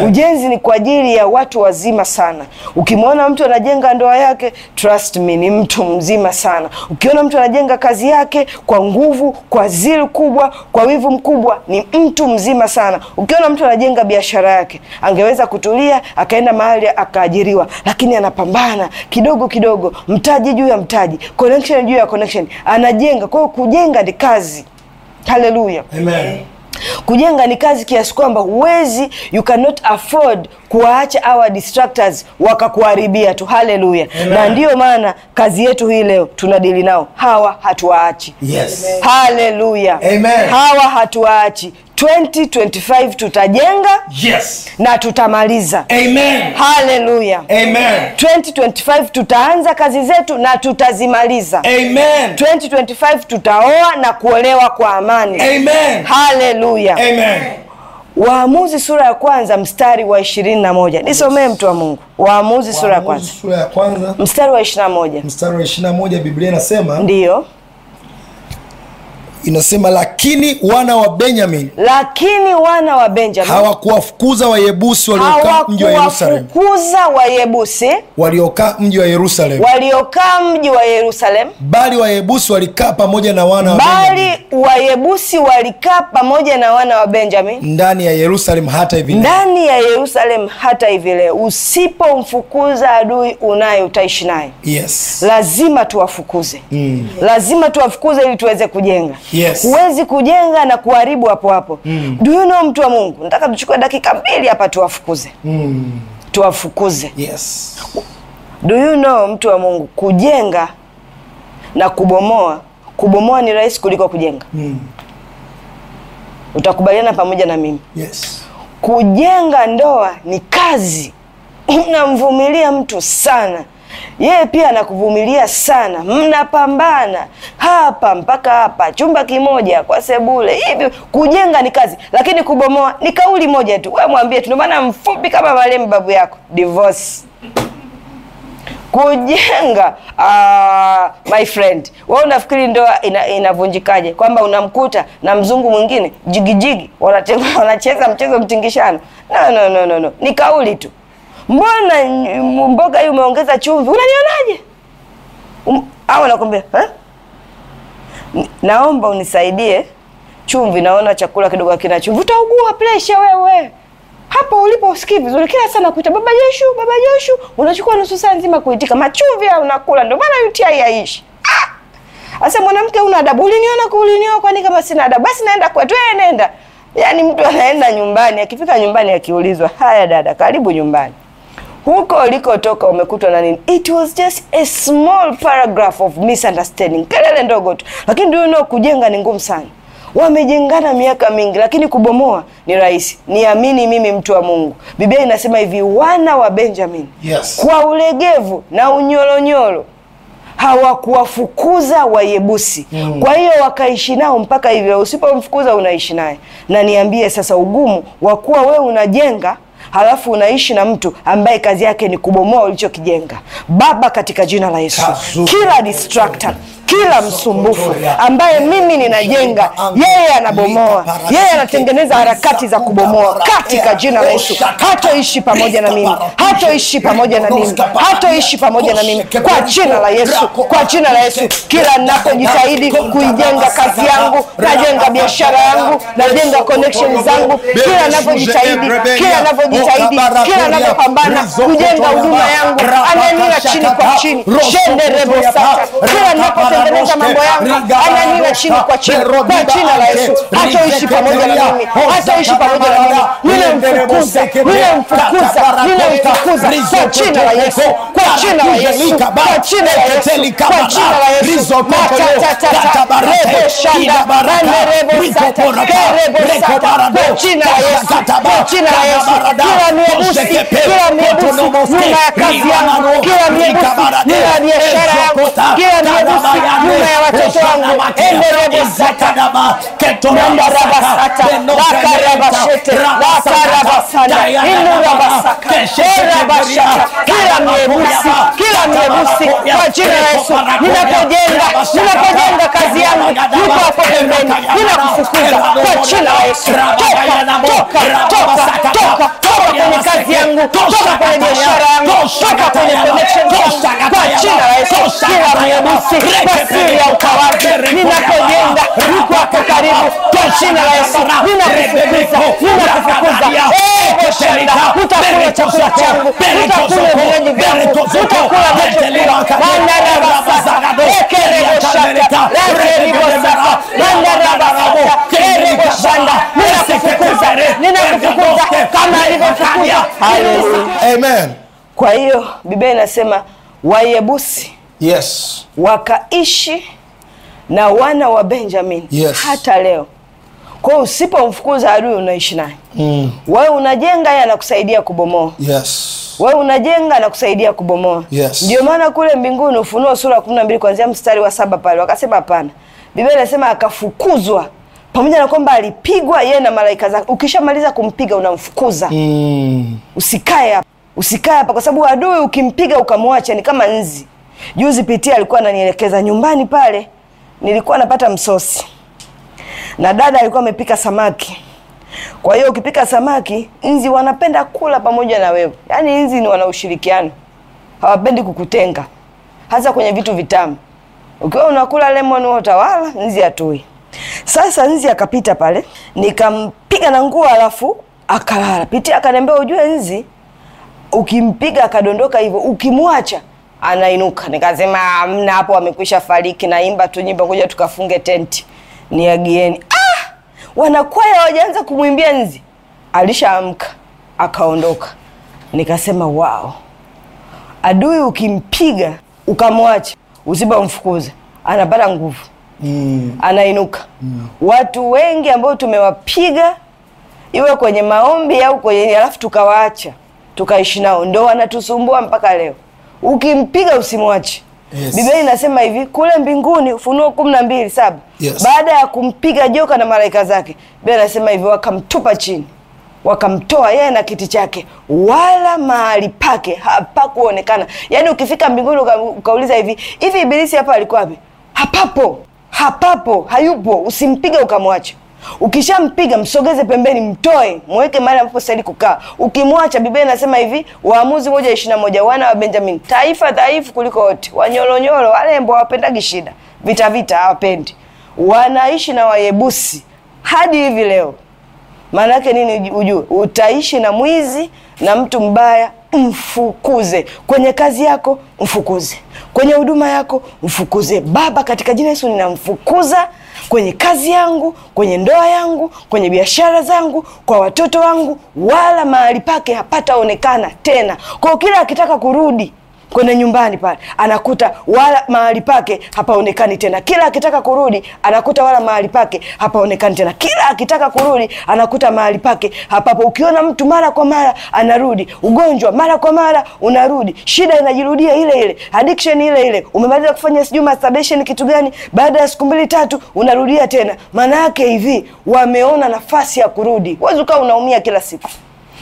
Ujenzi ni kwa ajili ya watu wazima sana. Ukimwona mtu anajenga ndoa yake, trust me, ni mtu mzima sana. Ukiona mtu anajenga kazi yake kwa nguvu, kwa zili kubwa, kwa wivu mkubwa, ni mtu mzima sana. Ukiona mtu anajenga biashara yake, angeweza kutulia akaenda mahali akaajiriwa, lakini anapambana kidogo kidogo, mtaji juu ya mtaji, connection juu ya connection, anajenga. Kwa hiyo kujenga ni kazi. Haleluya! Amen. Kujenga ni kazi kiasi kwamba huwezi, you cannot afford kuwaacha our distractors wakakuharibia tu. Haleluya! Na ndiyo maana kazi yetu hii leo tunadili nao hawa, hatuwaachi. Yes. Haleluya! Hawa hatuwaachi 2025 tutajenga, yes, na tutamaliza. Amen. Hallelujah. Amen. 2025 tutaanza kazi zetu na tutazimaliza. Amen. 2025 tutaoa na kuolewa kwa amani. Amen. Hallelujah. Amen. Waamuzi sura ya kwanza mstari wa 21 nisomee mtu wa Mungu. Waamuzi sura ya kwanza, sura ya kwanza mstari wa 21 mstari wa 21 Biblia inasema, ndiyo inasema lakini wana wa Benjamin, lakini wana wa Benjamin hawakuwafukuza Wayebusi waliokaa mji wa Yerusalemu, hawakuwafukuza Wayebusi waliokaa mji wa yerusalem waliokaa mji wa yerusalem bali Wayebusi walikaa pamoja na wana wa Benjamin, bali Wayebusi walikaa pamoja na wana wa Benjamin ndani ya yerusalem hata hivi ndani ya yerusalem hata hivi leo. Usipomfukuza adui unaye utaishi naye. Yes, lazima tuwafukuze. Mm. Lazima tuwafukuze ili tuweze kujenga. Yes, huwezi kujenga na kuharibu hapo hapo. Mm. Do you know, mtu wa Mungu, nataka tuchukue dakika mbili hapa tuwafukuze. Mm. Tuwafukuze. Yes. Do you know, mtu wa Mungu, kujenga na kubomoa, kubomoa ni rahisi kuliko kujenga. Mm. Utakubaliana pamoja na mimi? Yes. Kujenga ndoa ni kazi, unamvumilia mtu sana yeye pia anakuvumilia sana, mnapambana hapa mpaka hapa, chumba kimoja kwa sebule hivyo. Kujenga ni kazi, lakini kubomoa ni kauli moja tu. Wewe mwambie tu, ndio maana mfupi kama marehemu babu yako, divorce. Kujenga uh, my friend, wewe unafikiri ndoa ina, inavunjikaje? Kwamba unamkuta na mzungu mwingine jigijigi, wanacheza mchezo mtingishano? No, no, no, no, no, ni kauli tu mbona mboga hii umeongeza chumvi, unanionaje? Um, au eh? naomba unisaidie chumvi, naona chakula kidogo kina chumvi. Utaugua presha wewe hapo ulipo, usikii vizuri. Kila sana kuita baba Jeshu, baba Jeshu, unachukua nusu saa nzima kuitika machumvi au unakula. Ndio maana UTI haishi. Ah! Asa mwanamke una adabu. Uliniona kuuliniwa kwani kama sina adabu? Basi naenda kwetu, wewe nenda. Yaani mtu anaenda nyumbani, akifika nyumbani akiulizwa, "Haya dada, karibu nyumbani." huko ulikotoka umekutwa na nini? It was just a small paragraph of misunderstanding, kelele ndogo tu, lakini do you know, kujenga ni ngumu sana. Wamejengana miaka mingi, lakini kubomoa ni rahisi. Niamini mimi, mtu wa Mungu, Biblia inasema hivi, wana wa Benjamin yes, kwa ulegevu na unyolonyolo hawakuwafukuza Wayebusi mm. Kwa hiyo wakaishi nao mpaka hivyo, usipomfukuza unaishi naye. Na niambie sasa ugumu wa kuwa we unajenga halafu unaishi na mtu ambaye kazi yake ni kubomoa ulichokijenga. Baba, katika jina la Yesu, kila distractor kila msumbufu ambaye mimi ninajenga, yeye anabomoa, yeye anatengeneza harakati za kubomoa katika jina la Yesu. Hatoishi pamoja na mimi, hatoishi pamoja na mimi, hatoishi pamoja na mimi kwa jina la Yesu, kwa jina la Yesu. Kila napojitahidi kuijenga kazi yangu, najenga biashara yangu, najenga connection zangu, kila ninapojitahidi, kila ninapojitahidi, kila ninapopambana kujenga huduma yangu, ananila chini kwa chini, shende rebo sasa, kila ninapo kutengeneza mambo yangu, ananiwe chini kwa chini kwa jina la Yesu. Hatoishi pamoja na mimi, hatoishi pamoja na mimi. Ninamfukuza, ninamfukuza, ninamfukuza kwa jina la Yesu, kwa jina la Yesu, kwa jina la Yesu, kwa jina la Yesu. Matatatatatarebo shanda randerebo sataterebo sata kwa jina la Yesu, kwa jina la Yesu. Kila miebusi, kila miebusi nyuma ya kazi yangu, kila miebusi nyuma ya biashara yangu, kila miebusi nyuma ya watoto wangu kila miebusi kila miebusi kwa jina siri ya hapo karibu. Kwa jina la Yesu Utakula chakula changu, utakula vinywaji vyangu, utakula Amen. Kwa hiyo Biblia inasema Wayebusi yes. wakaishi na wana wa Benjamin yes. hata leo. Kwa hiyo usipomfukuza adui unaishi naye mm. wewe unajenga, yeye anakusaidia kubomoa yes. wewe unajenga, anakusaidia kubomoa yes. Ndio maana kule mbinguni Ufunuo sura ya kumi na mbili kuanzia mstari wa saba pale wakasema hapana. Biblia inasema akafukuzwa pamoja na kwamba alipigwa yeye na malaika zake. Ukishamaliza kumpiga unamfukuza mm. usikae hapa, usikae hapa, kwa sababu adui ukimpiga ukamwacha ni kama nzi Juzi pitia alikuwa ananielekeza nyumbani pale, nilikuwa napata msosi na dada alikuwa amepika samaki. Kwa hiyo ukipika samaki, nzi wanapenda kula pamoja na wewe. Yaani nzi ni wana ushirikiano, hawapendi kukutenga, hasa kwenye vitu vitamu. Ukiwa unakula lemon water, wala nzi atui. Sasa nzi akapita pale, nikampiga na nguo, alafu akalala. Pitia akaniambia, ujue nzi ukimpiga akadondoka hivyo, ukimwacha anainuka. Nikasema amna hapo amekwisha fariki, naimba tu nyimbo, kuja tukafunge tenti niagieni. Ah, wanakwaya wajaanza kumwimbia nzi, alishaamka akaondoka. Nikasema wao, adui ukimpiga ukamwacha usipomfukuza anapata nguvu mm. Anainuka mm. Watu wengi ambao tumewapiga iwe kwenye maombi au kwenye, alafu tukawaacha tukaishi nao, ndo wanatusumbua mpaka leo ukimpiga usimwache. Yes. Biblia inasema hivi kule mbinguni Ufunuo kumi na mbili saba. Yes. Baada ya kumpiga joka na malaika zake, Biblia inasema hivi wakamtupa chini, wakamtoa yeye na kiti chake, wala mahali pake hapakuonekana. Yaani ukifika mbinguni ukauliza hivi hivi, ibilisi hapa alikuwa wapi? Hapapo, hapapo, hayupo. Usimpige ukamwache. Ukishampiga msogeze pembeni, mtoe, mweke mahali ambapo stahili kukaa. Ukimwacha, Biblia inasema hivi, Waamuzi moja ishirini na moja, wana wa Benjamin, taifa dhaifu kuliko wote, wanyolonyolo, walembo hawapendagi shida, vita vita hawapendi, wanaishi na Wayebusi hadi hivi leo. Maana yake nini? Ujue utaishi na mwizi na mtu mbaya, mfukuze kwenye kazi yako, mfukuze kwenye huduma yako, mfukuze. Baba, katika jina Yesu ninamfukuza kwenye kazi yangu, kwenye ndoa yangu, kwenye biashara zangu, kwa watoto wangu, wala mahali pake hapataonekana tena. Kwa hiyo kila akitaka kurudi kwenda nyumbani pale, anakuta wala mahali pake hapaonekani tena. Kila akitaka kurudi anakuta wala mahali pake hapaonekani tena. Kila akitaka kurudi anakuta mahali pake hapapo. Ukiona mtu mara kwa mara anarudi, ugonjwa mara kwa mara unarudi, shida inajirudia ile ile, addiction ile ile. Umemaliza kufanya sijui masturbation kitu gani, baada ya siku mbili tatu unarudia tena. Maana yake hivi, wameona nafasi ya kurudi. wezi ukawa unaumia kila siku.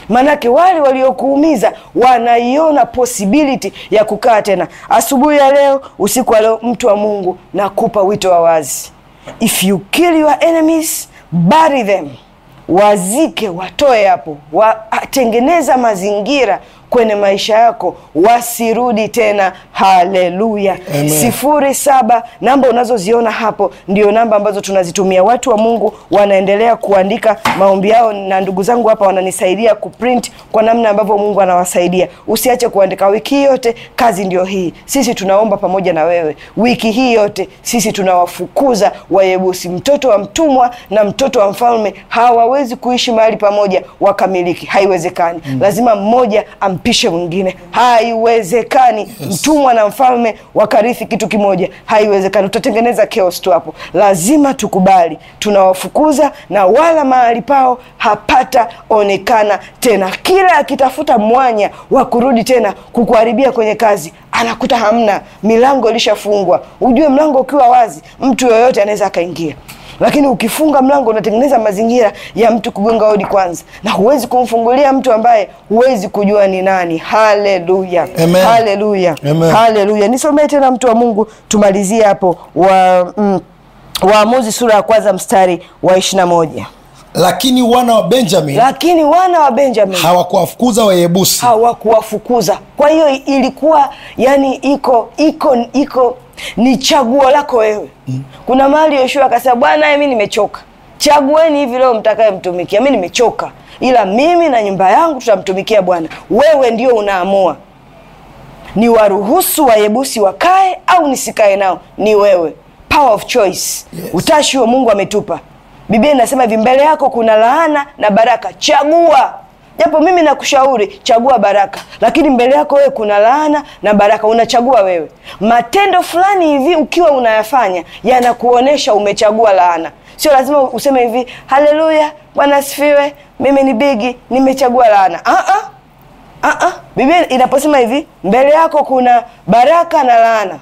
Manake wale waliokuumiza wanaiona possibility ya kukaa tena. Asubuhi ya leo, usiku wa leo, mtu wa Mungu, nakupa wito wa wazi, if you kill your enemies bury them, wazike, watoe hapo, watengeneza mazingira kwenye maisha yako wasirudi tena. Haleluya! sifuri saba namba unazoziona hapo ndio namba ambazo tunazitumia. Watu wa Mungu wanaendelea kuandika maombi yao, na ndugu zangu hapa wananisaidia kuprint kwa namna ambavyo Mungu anawasaidia. Usiache kuandika. Wiki yote kazi ndio hii, sisi tunaomba pamoja na wewe. Wiki hii yote sisi tunawafukuza Wayebusi. Mtoto wa mtumwa na mtoto wa mfalme hawawezi kuishi mahali pamoja wakamiliki, haiwezekani. Mm. lazima mmoja am mpishe mwingine. Haiwezekani. Yes. Mtumwa na mfalme wakarithi kitu kimoja, haiwezekani. Tutatengeneza chaos tu hapo. Lazima tukubali, tunawafukuza na wala mahali pao hapata onekana tena. Kila akitafuta mwanya wa kurudi tena kukuharibia kwenye kazi anakuta hamna, milango ilishafungwa. Ujue mlango ukiwa wazi, mtu yoyote anaweza akaingia lakini ukifunga mlango unatengeneza mazingira ya mtu kugonga hodi kwanza, na huwezi kumfungulia mtu ambaye huwezi kujua ni nani. Haleluya, haleluya, haleluya! Nisomee tena mtu wa Mungu, tumalizie hapo wa mm, Waamuzi sura ya kwanza mstari wa ishirini moja. Lakini wana wa Benjamin, lakini wana wa Benjamin hawakuwafukuza Wayebusi, hawakuwafukuza. Kwa hiyo ilikuwa yani iko iko iko ni chaguo lako wewe mm. kuna mahali Yoshua akasema, Bwana mimi nimechoka, chagueni hivi leo mtakaye mtumikia, mimi nimechoka, ila mimi na nyumba yangu tutamtumikia Bwana. Wewe ndio unaamua, ni waruhusu Wayebusi wakae au nisikae nao, ni wewe. Power of choice, yes. Utashi wa Mungu ametupa. Biblia inasema hivi, mbele yako kuna laana na baraka, chagua japo mimi nakushauri chagua baraka, lakini mbele yako wewe kuna laana na baraka, unachagua wewe. Matendo fulani hivi ukiwa unayafanya yanakuonesha umechagua laana. Sio lazima useme hivi haleluya, Bwana asifiwe, mimi ni bigi, nimechagua laana. Ah ah ah ah, Biblia inaposema hivi, mbele yako kuna baraka na laana,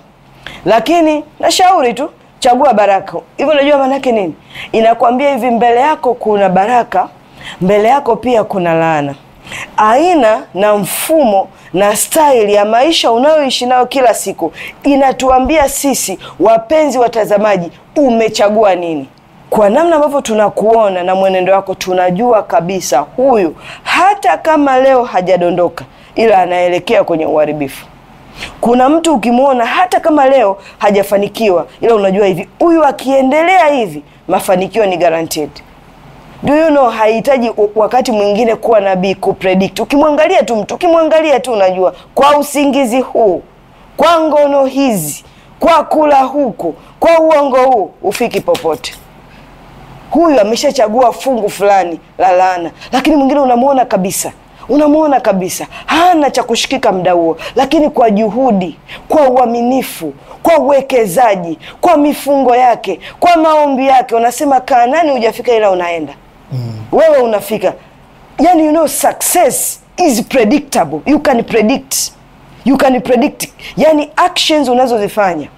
lakini nashauri tu chagua baraka. Hivyo unajua maana nini? Inakwambia hivi, mbele yako kuna baraka mbele yako pia kuna laana. Aina na mfumo na staili ya maisha unayoishi nayo kila siku inatuambia sisi, wapenzi watazamaji, umechagua nini? Kwa namna ambavyo tunakuona na mwenendo wako, tunajua kabisa huyu, hata kama leo hajadondoka, ila anaelekea kwenye uharibifu. Kuna mtu ukimwona, hata kama leo hajafanikiwa, ila unajua hivi, huyu akiendelea hivi, mafanikio ni guaranteed do you know, hahitaji wakati mwingine kuwa nabii kupredict. Ukimwangalia tu mtu, ukimwangalia tu unajua, kwa usingizi huu, kwa ngono hizi, kwa kula huku, kwa uongo huu, ufiki popote. Huyu ameshachagua fungu fulani la laana, lakini mwingine unamwona kabisa unamwona kabisa hana cha kushikika mda huo, lakini kwa juhudi, kwa uaminifu, kwa uwekezaji, kwa mifungo yake, kwa maombi yake, unasema nani hujafika, ila unaenda mm. wewe unafika yani you know success is predictable you can predict you can predict yani actions unazozifanya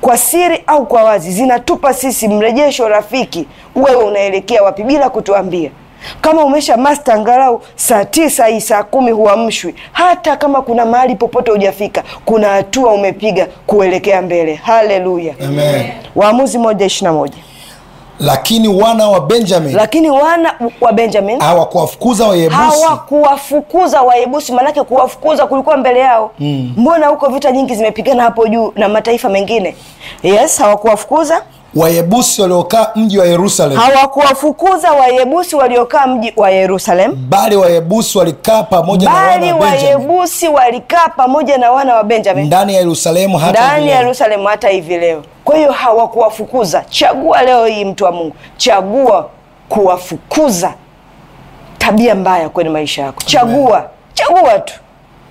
kwa siri au kwa wazi zinatupa sisi mrejesho rafiki wewe unaelekea wapi bila kutuambia kama umesha masta angalau saa tisa hii saa kumi huamshwi hata kama kuna mahali popote hujafika kuna hatua umepiga kuelekea mbele haleluya waamuzi moja ishirina moja lakini wana wa Benjamin, lakini wana wa Benjamin hawakuwafukuza Wayebusi, hawakuwafukuza Wayebusi. Maanake kuwafukuza kulikuwa mbele yao mm. Mbona huko vita nyingi zimepigana hapo juu na mataifa mengine? Yes, hawakuwafukuza Wayebusi waliokaa mji wa yerusalem Hawakuwafukuza Wayebusi waliokaa mji wa yerusalem bali Wayebusi walikaa pamoja na wana wa Wayebusi walikaa pamoja na wana wa Benjamin ndani ya Yerusalemu hata hivi leo. Kwa hiyo hawakuwafukuza. Chagua leo hii, mtu wa Mungu, chagua kuwafukuza tabia mbaya kwenye maisha yako. Chagua Amen. Chagua tu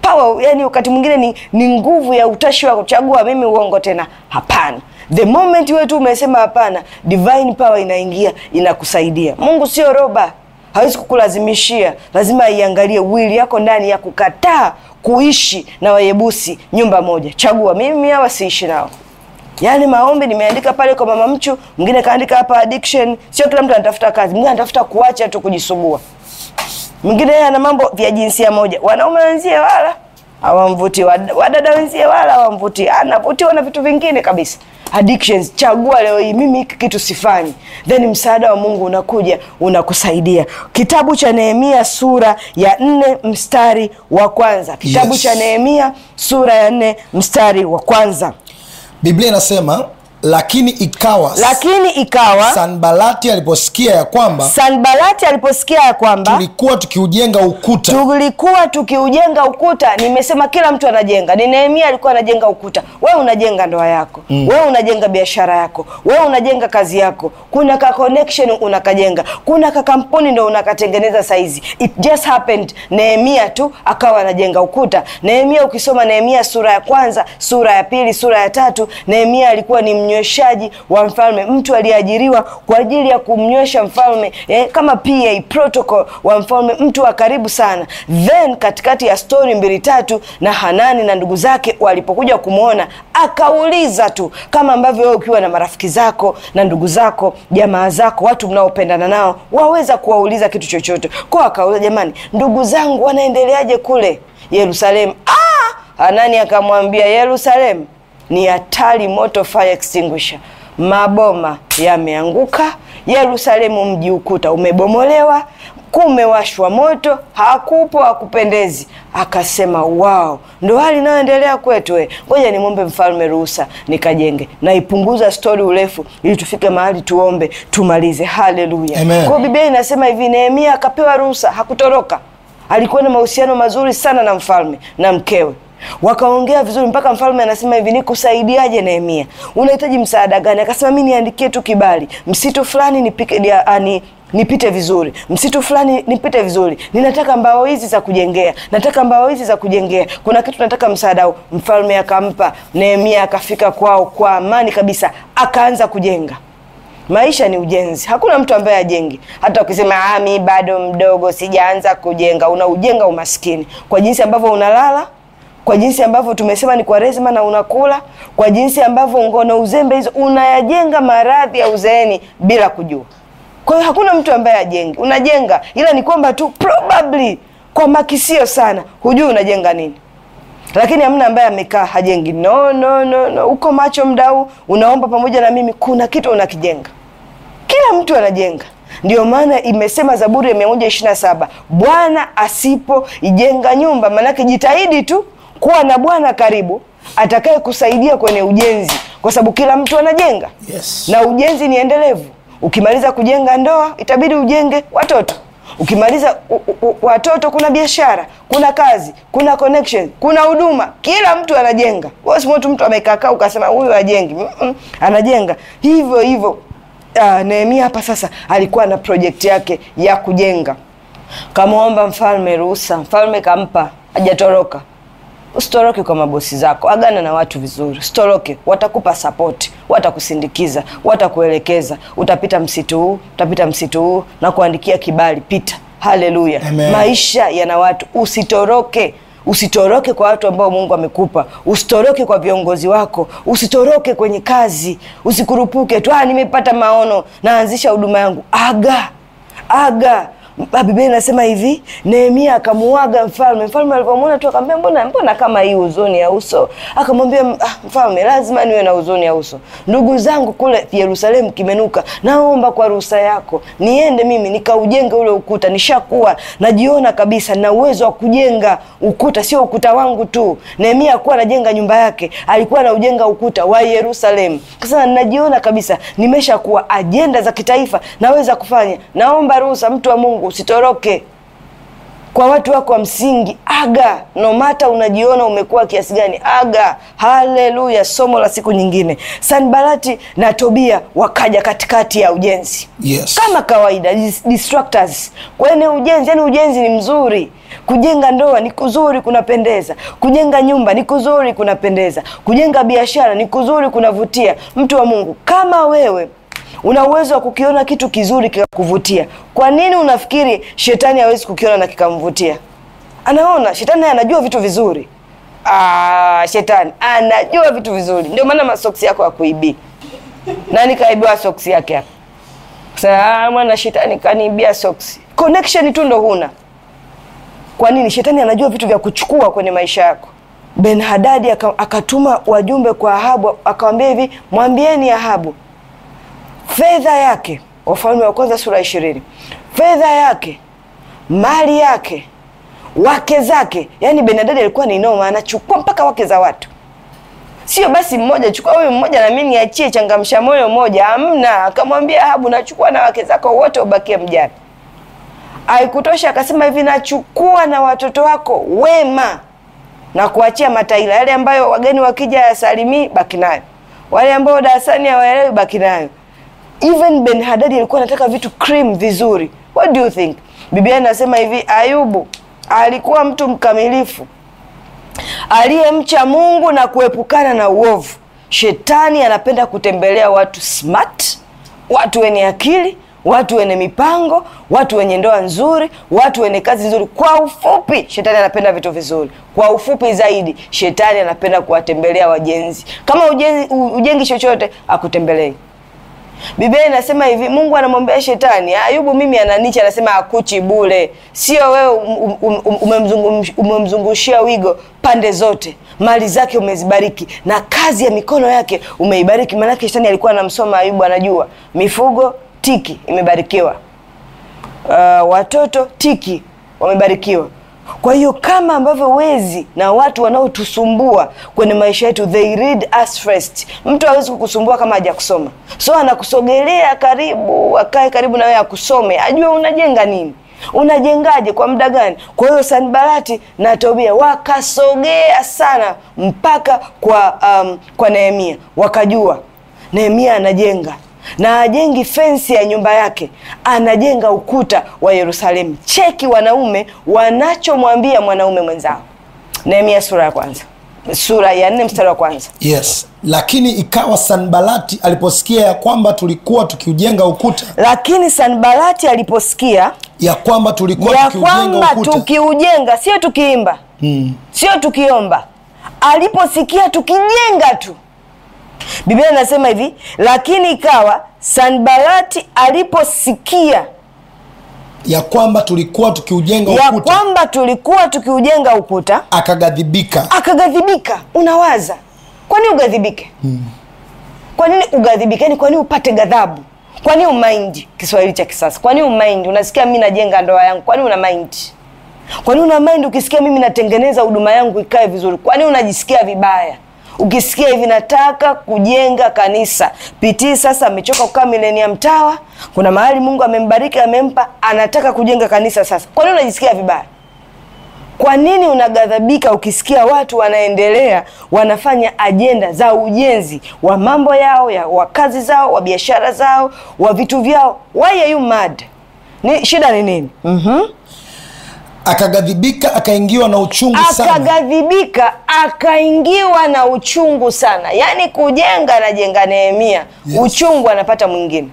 pawa, yani wakati mwingine ni, ni nguvu ya utashi wako. Chagua mimi uongo tena, hapana. The moment wewe tu umesema hapana, divine power inaingia inakusaidia. Mungu sio roba, hawezi kukulazimishia. Lazima aiangalie wili yako ndani ya kukataa kuishi na Wayebusi nyumba moja. Chagua mimi hawa siishi nao. Yaani maombi nimeandika pale kwa mama mchu, mwingine kaandika hapa addiction. Sio kila mtu anatafuta kazi, mwingine anatafuta kuacha tu kujisumbua, mwingine ana mambo vya jinsia moja. Wanaume wenzie wala hawamvuti wadada wenzie wala hawamvuti, anavutiwa na vitu vingine kabisa. Addictions, chagua leo hii, mimi hiki kitu sifanyi, then msaada wa Mungu unakuja unakusaidia. Kitabu cha Nehemia sura ya nne mstari wa kwanza. Kitabu yes, cha Nehemia sura ya nne mstari wa kwanza, Biblia inasema lakini ikawa, lakini ikawa Sanbalati aliposikia ya kwamba, Sanbalati aliposikia ya kwamba tulikuwa tukiujenga ukuta, tulikuwa tukiujenga ukuta. Nimesema kila mtu anajenga, ni Nehemia alikuwa anajenga ukuta. Wewe unajenga ndoa yako mm. Wewe unajenga biashara yako, wewe unajenga kazi yako. Kuna ka connection unakajenga, kuna ka kampuni ndio unakatengeneza saizi. It just happened, Nehemia tu akawa anajenga ukuta. Nehemia, ukisoma Nehemia sura ya kwanza, sura ya pili, sura ya tatu, Nehemia alikuwa ni mnyo mnyweshaji wa mfalme, mtu aliyeajiriwa kwa ajili ya kumnywesha mfalme eh, kama PA protocol wa mfalme, mtu wa karibu sana. Then katikati ya stori mbili tatu, na Hanani na ndugu zake walipokuja kumwona, akauliza tu kama ambavyo wewe ukiwa na marafiki zako na ndugu zako, jamaa zako, watu mnaopendana nao, waweza kuwauliza kitu chochote kwa Akauliza, jamani, ndugu zangu wanaendeleaje kule Yerusalemu? Ah! Hanani akamwambia Yerusalemu ni hatari moto, fire extinguisher. Maboma yameanguka Yerusalemu, mji ukuta umebomolewa, kumewashwa moto, hakupo hakupendezi. Akasema wao ndo hali inayoendelea kwetu, ngoja nimwombe mfalme ruhusa nikajenge. Naipunguza stori urefu ili tufike mahali tuombe tumalize. Haleluya! Kwa Biblia inasema hivi, Nehemia akapewa ruhusa, hakutoroka. Alikuwa na mahusiano mazuri sana na mfalme na mkewe Wakaongea vizuri mpaka mfalme anasema hivi, nikusaidiaje Nehemia? Unahitaji msaada gani? Akasema mimi niandikie tu kibali, msitu fulani nipike ah, ni, nipite vizuri, msitu fulani nipite vizuri, ninataka mbao hizi za kujengea, nataka mbao hizi za kujengea, kuna kitu nataka msaada. Mfalme akampa Nehemia, akafika kwao kwa amani kabisa, akaanza kujenga. Maisha ni ujenzi, hakuna mtu ambaye ajengi. Hata ukisema ah, mi bado mdogo, sijaanza kujenga, unaujenga umaskini kwa jinsi ambavyo unalala kwa jinsi ambavyo tumesema ni kwa rezima na unakula, kwa jinsi ambavyo ngono uzembe hizo unayajenga maradhi ya uzeeni bila kujua. Kwa hiyo hakuna mtu ambaye ajengi, unajenga, ila ni kwamba tu probably kwa makisio sana, hujui unajenga nini lakini hamna ambaye amekaa hajengi. No, no, no, no. Uko macho mdau, unaomba pamoja na mimi, kuna kitu unakijenga. Kila mtu anajenga. Ndio maana imesema Zaburi ya 127 moja ishirini na Bwana asipoijenga nyumba, maanake jitahidi tu kuwa na bwana karibu atakaye kusaidia kwenye ujenzi, kwa sababu kila mtu anajenga yes. Na ujenzi ni endelevu. Ukimaliza kujenga ndoa, itabidi ujenge watoto. Ukimaliza u, u, watoto, kuna biashara, kuna kazi, kuna connection, kuna huduma. Kila mtu anajenga. Wewe si mtu mtu amekaakaa ukasema huyu hajengi. Mm -mm, anajenga hivyo hivyo. Uh, Nehemia hapa sasa alikuwa na project yake ya kujenga, kamwomba mfalme ruhusa, mfalme kampa, hajatoroka Usitoroke kwa mabosi zako, agana na watu vizuri, usitoroke. Watakupa sapoti, watakusindikiza, watakuelekeza. Utapita msitu huu, utapita msitu huu na kuandikia kibali, pita. Haleluya, maisha yana watu. Usitoroke, usitoroke kwa watu ambao Mungu amekupa, usitoroke kwa viongozi wako, usitoroke kwenye kazi, usikurupuke tu, ah, nimepata maono, naanzisha huduma yangu. Aga, aga Ah, Biblia inasema hivi, Nehemia akamuaga mfalme. Mfalme alipomwona tu akamwambia, mbona mbona kama hii huzuni ya uso? Akamwambia, ah, mfalme, lazima niwe na huzuni ya uso. Ndugu zangu kule Yerusalemu kimenuka, naomba kwa ruhusa yako niende mimi nikaujenge ule ukuta. Nishakuwa najiona kabisa na uwezo wa kujenga ukuta, sio ukuta wangu tu. Nehemia alikuwa anajenga nyumba yake, alikuwa anaujenga ukuta wa Yerusalemu. Sasa najiona kabisa nimeshakuwa, ajenda za kitaifa naweza kufanya, naomba ruhusa, mtu wa Mungu yangu, usitoroke kwa watu wako wa msingi, aga nomata. Unajiona umekuwa kiasi gani, aga. Haleluya, somo la siku nyingine. Sanbalati na Tobia wakaja katikati ya ujenzi yes. Kama kawaida distractors kwenye ujenzi. Yani ujenzi ni mzuri, kujenga ndoa ni kuzuri, kunapendeza. Kujenga nyumba ni kuzuri, kunapendeza. Kujenga biashara ni kuzuri, kunavutia. Mtu wa Mungu, kama wewe una uwezo wa kukiona kitu kizuri kikakuvutia. Kwa nini unafikiri shetani hawezi kukiona na kikamvutia? Anaona shetani, naye anajua vitu vizuri. Aa, ah, shetani anajua vitu vizuri, ndio maana masoksi yako akuibi. Nani kaibiwa soksi yake hapa? Sasa ah, Mwana shetani kaniibia soksi. Connection tu ndo huna. Kwa nini? Shetani anajua vitu vya kuchukua kwenye maisha yako. Ben Hadadi akatuma wajumbe kwa Ahabu, akamwambia hivi, mwambieni Ahabu fedha yake, Wafalme wa kwanza sura ishirini, fedha yake, mali yake, wake zake. Yani Benadadi alikuwa ni noma, anachukua mpaka wake za watu. Sio basi mmoja, chukua huyu mmoja na mimi niachie, changamsha moyo mmoja. Amna, akamwambia Ahabu, nachukua na wake zako wote, ubakie mjane. Aikutosha, akasema hivi, nachukua na watoto wako wema na kuachia mataila yale ambayo wageni wakija yasalimii, baki nayo. Wale ambao darasani hawaelewi, baki nayo even Ben Hadadi alikuwa anataka vitu cream vizuri. What do you think? Biblia inasema hivi, Ayubu alikuwa mtu mkamilifu aliyemcha Mungu na kuepukana na uovu. Shetani anapenda kutembelea watu smart, watu wenye akili, watu wenye mipango, watu wenye ndoa nzuri, watu wenye kazi nzuri. Kwa ufupi, shetani anapenda vitu vizuri. Kwa ufupi zaidi, shetani anapenda kuwatembelea wajenzi. Kama ujenzi, ujengi chochote akutembelei Biblia inasema hivi, Mungu anamwambia shetani, Ayubu mimi ananicha, anasema akuchi bure, sio wewe um, um, um, umemzungushia wigo pande zote, mali zake umezibariki na kazi ya mikono yake umeibariki. Maanake shetani alikuwa anamsoma Ayubu, anajua mifugo tiki imebarikiwa, uh, watoto tiki wamebarikiwa kwa hiyo kama ambavyo wezi na watu wanaotusumbua kwenye maisha yetu, they read us first. Mtu hawezi kukusumbua kama hajakusoma, so anakusogelea karibu, akae karibu na wewe, akusome, ajue unajenga nini, unajengaje, kwa muda gani. Kwa hiyo Sanbalati na Tobia wakasogea sana mpaka kwa, um, kwa Nehemia, wakajua Nehemia anajenga na ajengi fensi ya nyumba yake, anajenga ukuta wa Yerusalemu. Cheki wanaume wanachomwambia mwanaume mwenzao. Nehemia sura ya kwanza sura ya nne mstari wa kwanza. Yes, lakini ikawa Sanbalati aliposikia ya kwamba tulikuwa tukiujenga ukuta, lakini Sanbalati aliposikia ya kwamba tulikuwa ya kwamba tukiujenga, sio tukiimba, hmm, sio tukiomba, aliposikia tukijenga tu Biblia inasema hivi, lakini ikawa Sanbalati aliposikia ya kwamba tulikuwa tukiujenga ukuta, ya kwamba tulikuwa tukiujenga ukuta, akagadhibika. Akagadhibika. Unawaza, kwa nini ugadhibike? hmm. Kwa nini ugadhibike? Yani kwa nini upate ghadhabu? Kwa nini umaindi? Kiswahili cha kisasa, kwa nini umaindi? Unasikia mimi najenga ndoa yangu, kwa nini una mind? Kwa nini una mind ukisikia mimi natengeneza huduma yangu ikae vizuri? Kwa nini unajisikia vibaya? Ukisikia hivi nataka kujenga kanisa, pitii sasa. Amechoka kukaa milenia mtawa kuna mahali Mungu amembariki amempa, anataka kujenga kanisa sasa. Kwa nini unajisikia vibaya? Kwa nini unagadhabika ukisikia watu wanaendelea wanafanya ajenda za ujenzi wa mambo yao ya, wa kazi zao wa biashara zao wa vitu vyao? Why are you mad? Ni shida ni nini? mm-hmm akagadhibika akaingiwa na uchungu sana, akagadhibika akaingiwa na uchungu sana. Yaani kujenga anajenga Nehemia, yes. uchungu anapata mwingine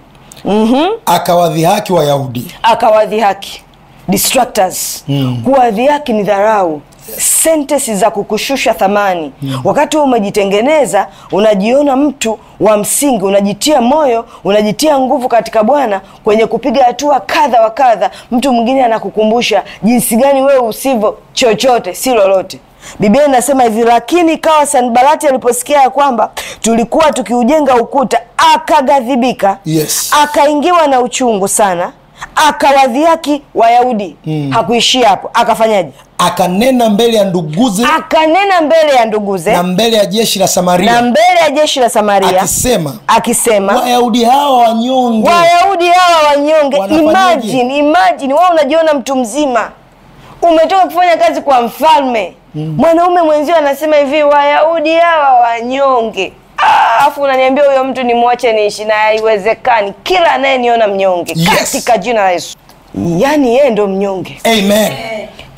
mm -hmm. Akawadhihaki Wayahudi, akawadhihaki distractors mm. kuwadhihaki ni dharau sentesi za kukushusha thamani mm. Wakati huo umejitengeneza, unajiona mtu wa msingi, unajitia moyo, unajitia nguvu katika Bwana kwenye kupiga hatua kadha wa kadha, mtu mwingine anakukumbusha jinsi gani wewe usivyo chochote, si lolote. Biblia inasema hivi, lakini kawa Sanbalati aliposikia ya kwamba tulikuwa tukiujenga ukuta, akaghadhibika yes. Akaingiwa na uchungu sana akawadhiaki Wayahudi hmm. Hakuishia hapo, akafanyaje? Akanena mbele ya nduguze, akanena mbele ya nduguze na mbele ya jeshi la Samaria, na mbele ya jeshi la Samaria akisema, akisema Wayahudi hawa wanyonge, Wayahudi hawa wanyonge. Imagine, imagine wewe unajiona mtu mzima umetoka kufanya kazi kwa mfalme mm. Mwanaume mwenzio anasema hivi, Wayahudi hawa wanyonge afu unaniambia huyo mtu nimwache niishi na haiwezekani. Kila anayeniona mnyonge yes. katika jina la Yesu, yaani yeye ndo mnyonge Amen.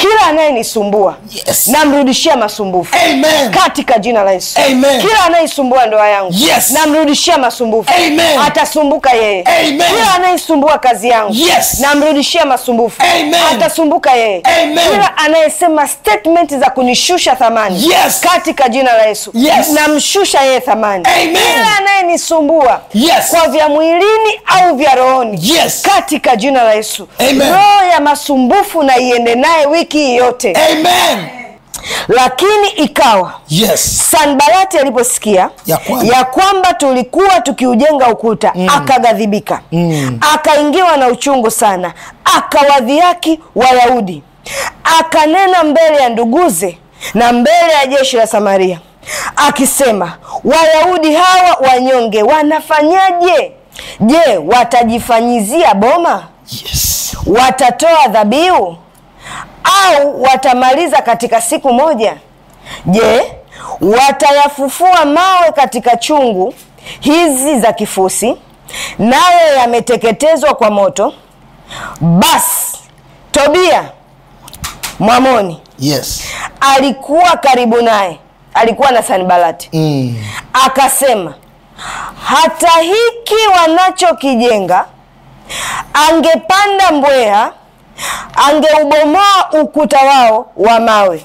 Kila anayenisumbua yes. namrudishia masumbufu Amen. katika jina la Yesu. Amen. Kila anayesumbua ndoa yangu yes. namrudishia masumbufu Amen. atasumbuka yeye. Amen. Kila anayesumbua kazi yangu yes. namrudishia masumbufu Amen. atasumbuka yeye. Amen. Kila anayesema statement za kunishusha thamani yes. katika jina la Yesu yes. namshusha yeye thamani Amen. Kila anayenisumbua yes. kwa vya mwilini au vya rohoni yes. katika jina la Yesu. Roho ya masumbufu na iende naye wiki haisikii yote. Amen. Lakini ikawa yes. Sanbalati aliposikia ya, ya kwamba tulikuwa tukiujenga ukuta mm. akaghadhibika mm. akaingiwa na uchungu sana, akawadhiaki Wayahudi, akanena mbele ya nduguze na mbele ya jeshi la Samaria akisema, Wayahudi hawa wanyonge wanafanyaje? Je, watajifanyizia boma? yes. watatoa dhabihu au watamaliza katika siku moja? Je, watayafufua mawe katika chungu hizi za kifusi, nayo yameteketezwa kwa moto? Basi Tobia Mwamoni yes, alikuwa karibu naye, alikuwa na sanibalati mm. Akasema hata hiki wanachokijenga angepanda mbweha angeubomoa ukuta wao wa mawe.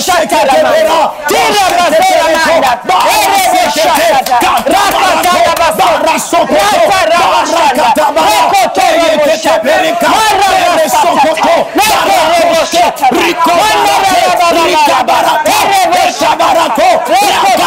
Rico, Rico, Rico, Rico, Rico, Rico,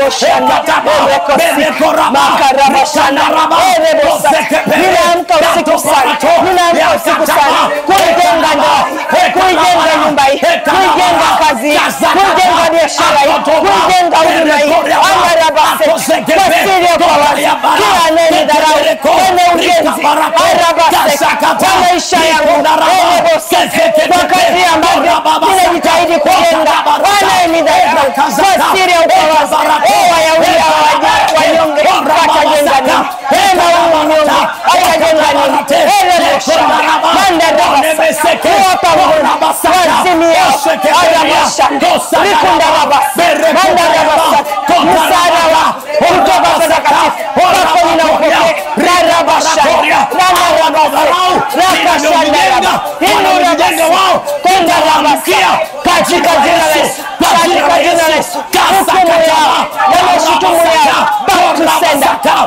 ninaamka usiku sana, ninaamka usiku sana kuijenga ndoa, kuijenga nyumba hii, kuijenga kazi hii, kuijenga biashara hii, kuijenga huduma hii andarabase masirio kwa wazi kila anayenidharau kwenye ujenzi arabase kwa maisha yangu enebose kwa kazi ambavyo jitahidi kujenga wanaemidhaika kwa siri ya wa ukawasi wayahudi wanyonge mpaka jenga ni tena watajenga nini? Hema huyu mnyonge atajenga nini? ereemandadoaapanguna wazimia adamasha likundalabasa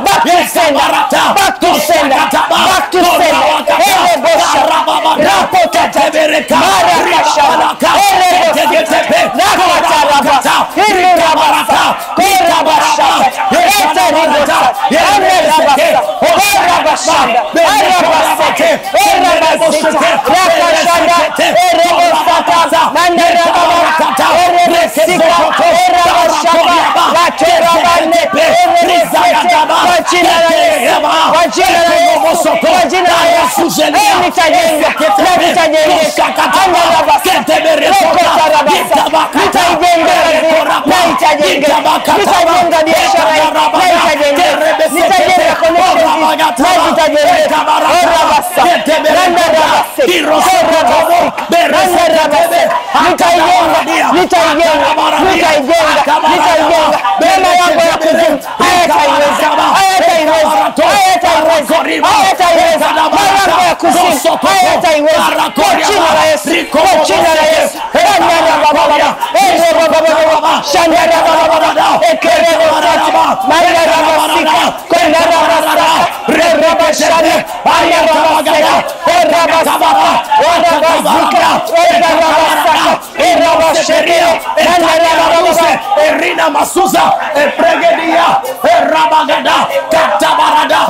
bakisenda bakisenda bakisenda erebosha rapokata marakasha erebositebe Back to korabasha etaribota emerabasa korabashanda arabasete erabasita Ee, ee, nitajenga biashara nitajenga nitaijenga nitaijenga nitaijenga mema yangu ya Ayakabagada, Erabazika, Erabazika, Ere rina masuza e pregedia Katabarada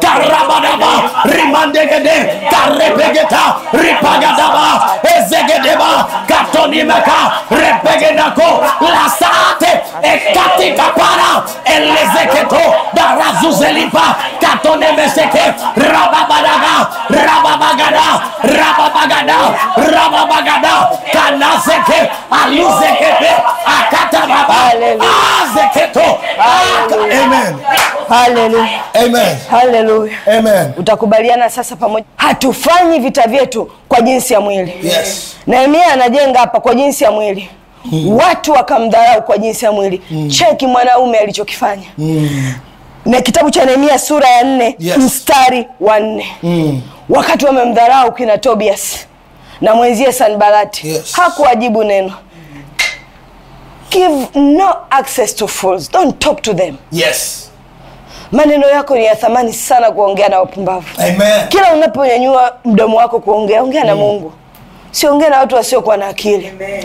da kat rimandegede Karrepegeta Ripagadaba ripagadaaba ezegedeba karton niimeka prepegeako lazaate ezpatipara elle ezeketto darazu ze azeke alizekebe akata baba azeketo amen Hallelujah. Amen. Hallelujah. Amen. Utakubaliana sasa pamoja, hatufanyi vita vyetu kwa jinsi ya mwili. Yes. Nehemia anajenga hapa kwa jinsi ya mwili mm. Watu wakamdharau kwa jinsi ya mwili mm. Cheki mwanaume alichokifanya mm. Na kitabu cha Nehemia sura ya nne yes. mstari wa nne mm. Wakati wamemdharau kina Tobias na mwenzie Sanbalati yes. hakuwajibu neno. Give no access to fools. Don't talk to them. Yes. Maneno yako ni ya thamani sana kuongea na wapumbavu. Amen. Kila unaponyanyua mdomo wako kuongea, ongea na mm. Mungu. siongea na watu wasiokuwa na akili. Amen.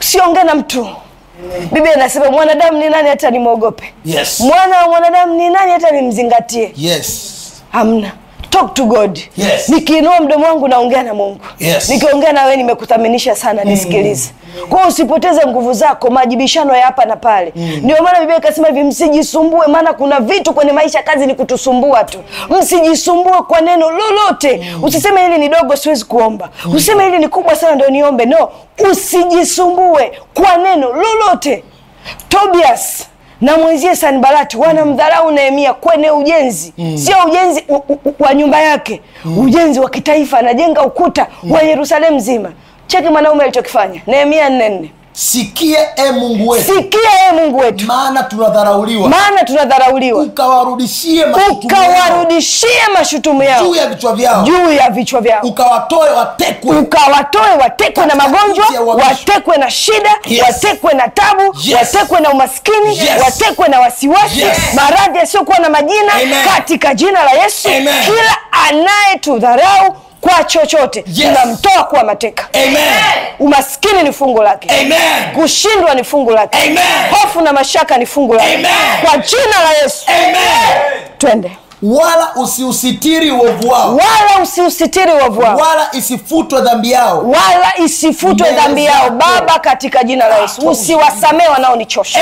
Siongea na mtu. Amen. Biblia inasema mwanadamu ni nani hata nimwogope? Yes. Mwana wa mwanadamu ni nani hata nimzingatie? Yes. Hamna talk to God. Yes. Nikiinua mdomo wangu naongea na Mungu. Yes. Nikiongea na wewe nimekuthaminisha sana, mm. Nisikilize. Mm. Kwa usipoteze nguvu zako, majibishano ya hapa na pale. Mm. Ndio maana Biblia ikasema hivi, msijisumbue maana kuna vitu kwenye maisha kazi ni kutusumbua tu. Msijisumbue kwa neno lolote. Mm. Usiseme hili ni dogo siwezi kuomba. Mm. Useme hili ni kubwa sana ndio niombe. No, usijisumbue kwa neno lolote. Tobias na mwenzie Sanbalati wanamdharau Nehemia kwenye ujenzi mm. sio ujenzi wa nyumba yake mm. ujenzi wa kitaifa, anajenga ukuta mm. wa Yerusalemu zima Cheki mwanaume alichokifanya Nehemia nne nne Sikie e Mungu wetu. Sikie e Mungu wetu. Maana tunadharauliwa. Maana tunadharauliwa. Ukawarudishie mashutumu. Ukawarudishie mashutumu yao. Juu ya vichwa vyao. Juu ya vichwa vyao. Ukawatoe watekwe. Ukawatoe watekwe na magonjwa, watekwe na shida, yes. Watekwe na tabu, yes. Watekwe na umaskini, yes. Watekwe na wasiwasi, yes. Maradhi yasiyokuwa na majina, Amen. Katika jina la Yesu, Amen. Kila anayetudharau kwa chochote tunamtoa yes. kuwa mateka Amen. Umaskini ni fungu lake Amen. Kushindwa ni fungu lake Amen. Hofu na mashaka ni fungu lake Amen. Kwa jina la Yesu Amen. Twende wala usiusitiri uovu wao, wala usiusitiri uovu wao, wala isifutwe dhambi yao, wala isifutwe dhambi yao. Baba, katika jina la Yesu, usiwasamee wanaonichosha,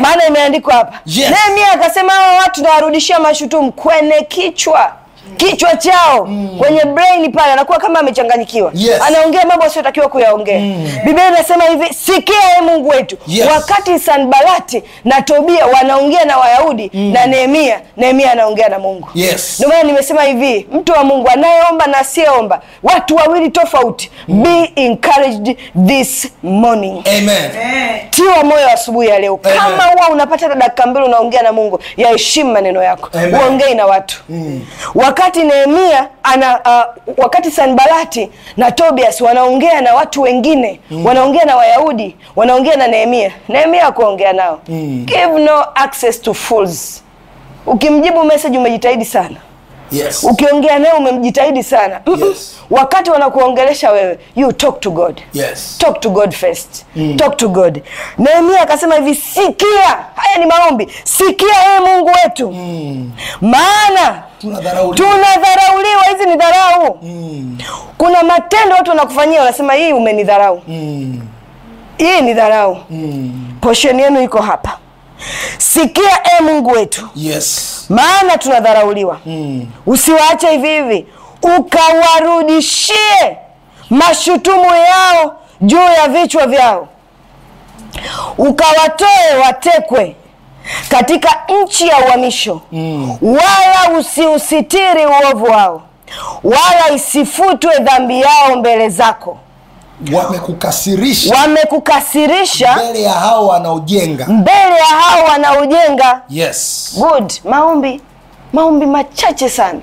maana imeandikwa hapa yes. Nehemia akasema hawa watu nawarudishia mashutumu kwenye kichwa kichwa chao mm. kwenye brain pale, anakuwa kama amechanganyikiwa yes. Anaongea mambo asiyotakiwa kuyaongea mm. Biblia inasema hivi, sikia e Mungu wetu yes. Wakati Sanbalati na Tobia wanaongea na Wayahudi mm. na Nehemia, Nehemia anaongea na Mungu yes. Ndio nimesema hivi, mtu wa Mungu anayeomba na asiyeomba, watu wawili tofauti mm. Be encouraged this morning Amen. Tiwa moyo asubuhi ya leo, kama huwa unapata dakika mbili unaongea na Mungu, yaheshimu maneno yako, uongei na watu mm wakati Nehemia ana uh, wakati Sanbalati na Tobias wanaongea na watu wengine mm. wanaongea na Wayahudi, wanaongea na Nehemia. Nehemia akuongea nao mm. Give no access to fools. Ukimjibu message umejitahidi sana Yes. Ukiongea naye umemjitahidi sana. Yes. Wakati wanakuongelesha wewe, you talk to God. Yes. Talk to God first. Mm. Talk to God. Nehemia akasema hivi, sikia, haya ni maombi. Sikia ee Mungu wetu. Mm. Maana tunadharauliwa. Hizi ni dharau. Mm. Kuna matendo watu wanakufanyia, wanasema hii umenidharau. Mm. Hii ni dharau. Mm. Posheni yenu iko hapa. Sikia e Mungu wetu, yes. Maana tunadharauliwa mm. Usiwaache hivi hivi, ukawarudishie mashutumu yao juu ya vichwa vyao, ukawatoe watekwe katika nchi ya uhamisho mm. Wala usiusitiri uovu wao, wala isifutwe dhambi yao mbele zako wamekukasirisha wamekukasirisha mbele ya hao wanaojenga mbele ya hao wanaojenga yes good maombi maombi machache sana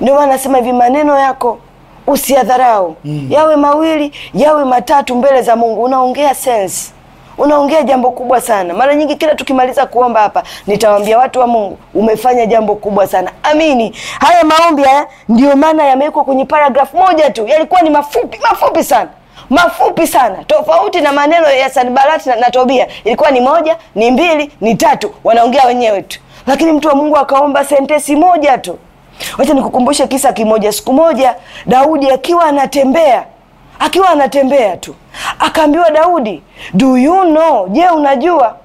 ndio maana nasema hivi maneno yako usiadharau mm. yawe mawili yawe matatu mbele za mungu unaongea sense unaongea jambo kubwa sana. Mara nyingi kila tukimaliza kuomba hapa, nitawaambia watu wa Mungu, umefanya jambo kubwa sana, amini. Haya maombi haya ndio maana yamewekwa kwenye paragraph moja tu, yalikuwa ni mafupi mafupi sana mafupi sana, tofauti na maneno ya Sanbalati na, na Tobia. Ilikuwa ni moja, ni mbili, ni tatu, wanaongea wenyewe tu, lakini mtu wa Mungu akaomba sentesi moja tu. Wacha nikukumbushe kisa kimoja. Siku moja Daudi akiwa anatembea akiwa anatembea tu akaambiwa, Daudi, do you know, je, unajua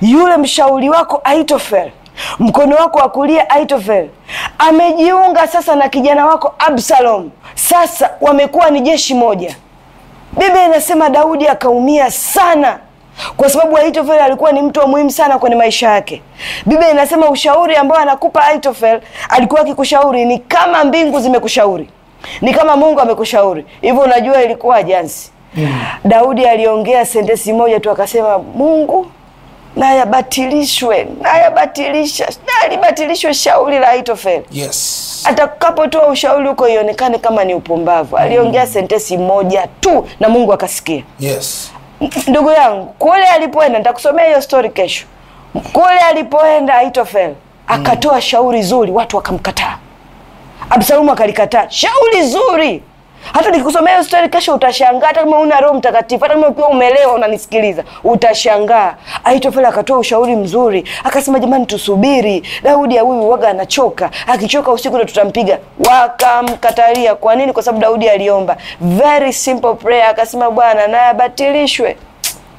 yule mshauri wako Aitofel, mkono wako wa kulia Aitofel amejiunga sasa na kijana wako Absalom, sasa wamekuwa ni jeshi moja. Biblia inasema Daudi akaumia sana kwa sababu aitofel alikuwa ni mtu wa muhimu sana kwenye maisha yake. Biblia inasema ushauri ambao anakupa aitofel alikuwa akikushauri ni kama mbingu zimekushauri. Ni kama Mungu amekushauri hivyo. Unajua ilikuwa jansi mm. Daudi aliongea sentensi moja tu akasema, Mungu naye abatilishwe, naye abatilisha, naye libatilishwe shauri la Ahithofeli. Yes. Atakapotoa ushauri huko ionekane kama ni upumbavu. mm. Aliongea sentensi moja tu na Mungu akasikia. Yes. Ndugu yangu kule alipoenda, nitakusomea hiyo story kesho. Kule alipoenda Ahithofeli mm. akatoa mm. shauri zuri, watu wakamkataa. Absalomu akalikataa. Shauri zuri. Hata nikikusomea hiyo story kesho utashangaa, hata kama una Roho Mtakatifu, hata kama ukiwa umelewa unanisikiliza, utashangaa. Ahithofeli akatoa ushauri mzuri, akasema jamani, tusubiri. Daudi ya huyu waga anachoka, akichoka usiku ndio tutampiga. Wakamkatalia. Kwa nini? Kwa sababu Daudi aliomba very simple prayer, akasema Bwana naye abatilishwe.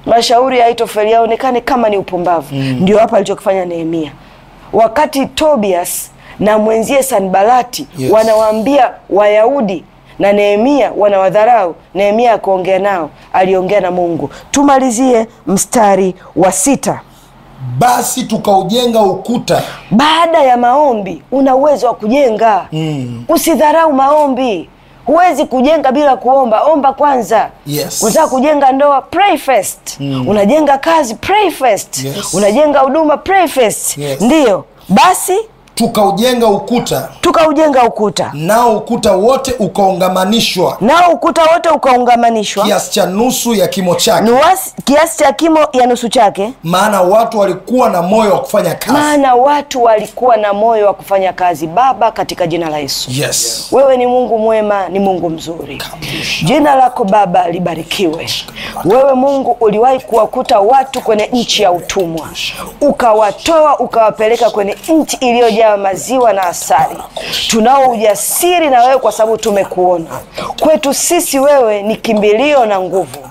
Mashauri ya Ahithofeli yaonekane kama ni upumbavu. Mm. Ndio hapa alichokifanya Nehemia wakati Tobias na mwenzie Sanbalati yes. wanawaambia Wayahudi na Nehemia wanawadharau. Nehemia akuongea nao, aliongea na Mungu. Tumalizie mstari wa sita. Basi tukaujenga ukuta. Baada ya maombi, una uwezo wa kujenga mm. Usidharau maombi. Huwezi kujenga bila kuomba. Omba kwanza. Yes. Unataka kujenga ndoa, pray first. Mm. Unajenga kazi, pray first. Yes. Unajenga huduma, pray first. Yes. Ndiyo basi tukaujenga ukuta, tukaujenga ukuta, nao ukuta wote ukaungamanishwa, nao ukuta wote ukaungamanishwa kiasi cha nusu ya kimo chake, kiasi cha kimo ya nusu chake, maana watu walikuwa na moyo wa kufanya kazi, maana watu walikuwa na moyo wa kufanya kazi. Baba, katika jina la Yesu, yes. Wewe ni Mungu mwema, ni Mungu mzuri Kamusha. Jina lako Baba libarikiwe. Wewe Mungu uliwahi kuwakuta watu kwenye nchi ya utumwa, ukawatoa ukawapeleka kwenye nchi iliyojaa ya maziwa na asali. Tunao ujasiri na wewe kwa sababu tumekuona. Kwetu sisi wewe ni kimbilio na nguvu.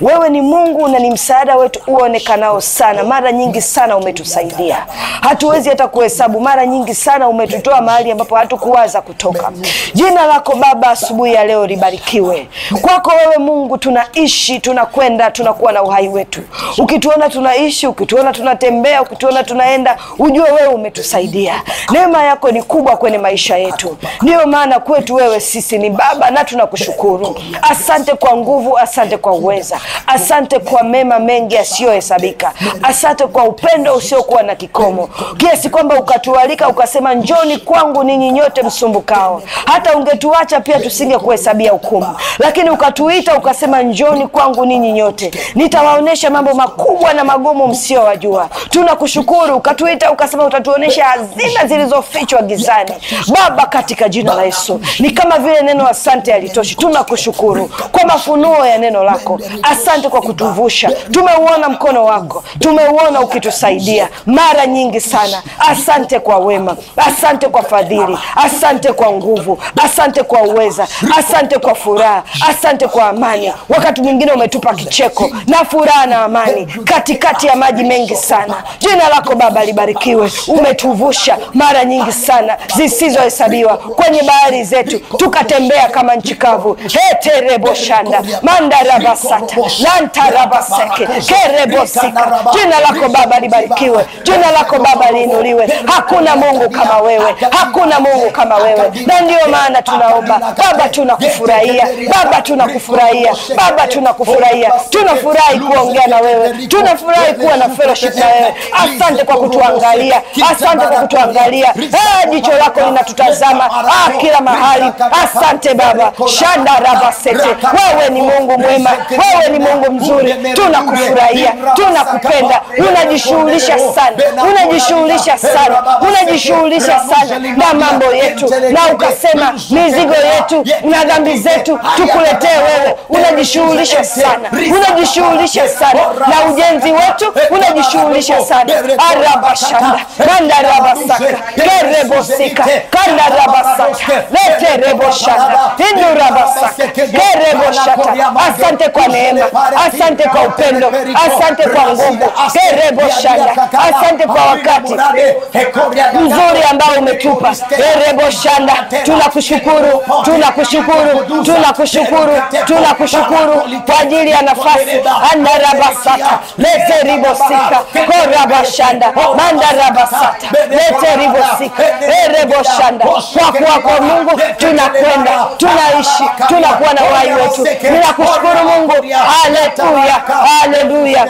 Wewe ni Mungu na ni msaada wetu uonekanao sana. Mara nyingi sana umetusaidia, hatuwezi hata kuhesabu. Mara nyingi sana umetutoa mahali ambapo hatukuwaza kutoka. Jina lako Baba asubuhi ya leo libarikiwe. Kwako wewe Mungu tunaishi, tunakwenda, tunakuwa na uhai wetu. Ukituona tunaishi, ukituona tunatembea, ukituona tunaenda, ujue wewe umetusaidia. Neema yako ni kubwa kwenye maisha yetu, ndiyo maana kwetu wewe sisi ni Baba na tunakushukuru. Asante kwa nguvu, asante kwa uwezo kutujaza. Asante kwa mema mengi yasiyohesabika. Asante kwa upendo usiokuwa na kikomo, kiasi kwamba ukatualika ukasema, njoni kwangu ninyi nyote msumbukao. Hata ungetuacha pia tusingekuhesabia hukumu, lakini ukatuita ukasema, njoni kwangu ninyi nyote, nitawaonyesha mambo makubwa na magumu msiowajua. Tunakushukuru, ukatuita ukasema utatuonyesha hazina zilizofichwa gizani. Baba, katika jina la Yesu, ni kama vile neno asante halitoshi. Tunakushukuru kwa mafunuo ya neno lako Asante kwa kutuvusha, tumeuona mkono wako, tumeuona ukitusaidia mara nyingi sana. Asante kwa wema, asante kwa fadhili, asante kwa nguvu, asante kwa uweza, asante kwa furaha, asante kwa amani. Wakati mwingine umetupa kicheko na furaha na amani katikati ya maji mengi sana. Jina lako Baba libarikiwe. Umetuvusha mara nyingi sana zisizohesabiwa kwenye bahari zetu, tukatembea kama nchi kavu. hetereboshanda mandarabasa Jina lako Baba libarikiwe, jina lako Baba liinuliwe. Hakuna Mungu kama wewe, hakuna Mungu kama wewe, na ndio maana tunaomba Baba, tunakufurahia Baba, tunakufurahia Baba, tunakufurahia. Tunafurahi kuongea na wewe, tunafurahi kuwa na fellowship na wewe. Asante kwa kutuangalia, asante kwa kutuangalia. Eh, jicho lako linatutazama ah, kila mahali. Asante Baba, shanda rabasete, wewe ni Mungu mwema wewe wewe ni Mungu mzuri, tunakufurahia, tunakupenda. Unajishughulisha sana, unajishughulisha sana, unajishughulisha sana na mambo yetu, na ukasema mizigo yetu na dhambi zetu tukuletee wewe. Unajishughulisha sana, unajishughulisha sana na ujenzi wetu, unajishughulisha sana arabashanda mandarabasaka kerebosika kandarabasaka letereboshanda indurabasaka kerebosata. Asante kwa neema neema. Asante kwa upendo, asante kwa nguvu erebo shanda, asante kwa wakati mzuri ambao umetupa erebo shanda. Tunakushukuru, tunakushukuru, tunakushukuru, tunakushukuru kwa ajili ya nafasi andarabasata lete ribosika korabashanda mandarabasata lete erebo eh, shanda kwa kuwako Mungu tunakwenda, tunaishi, tunakuwa na uhai wetu. Ninakushukuru Mungu Haleluya,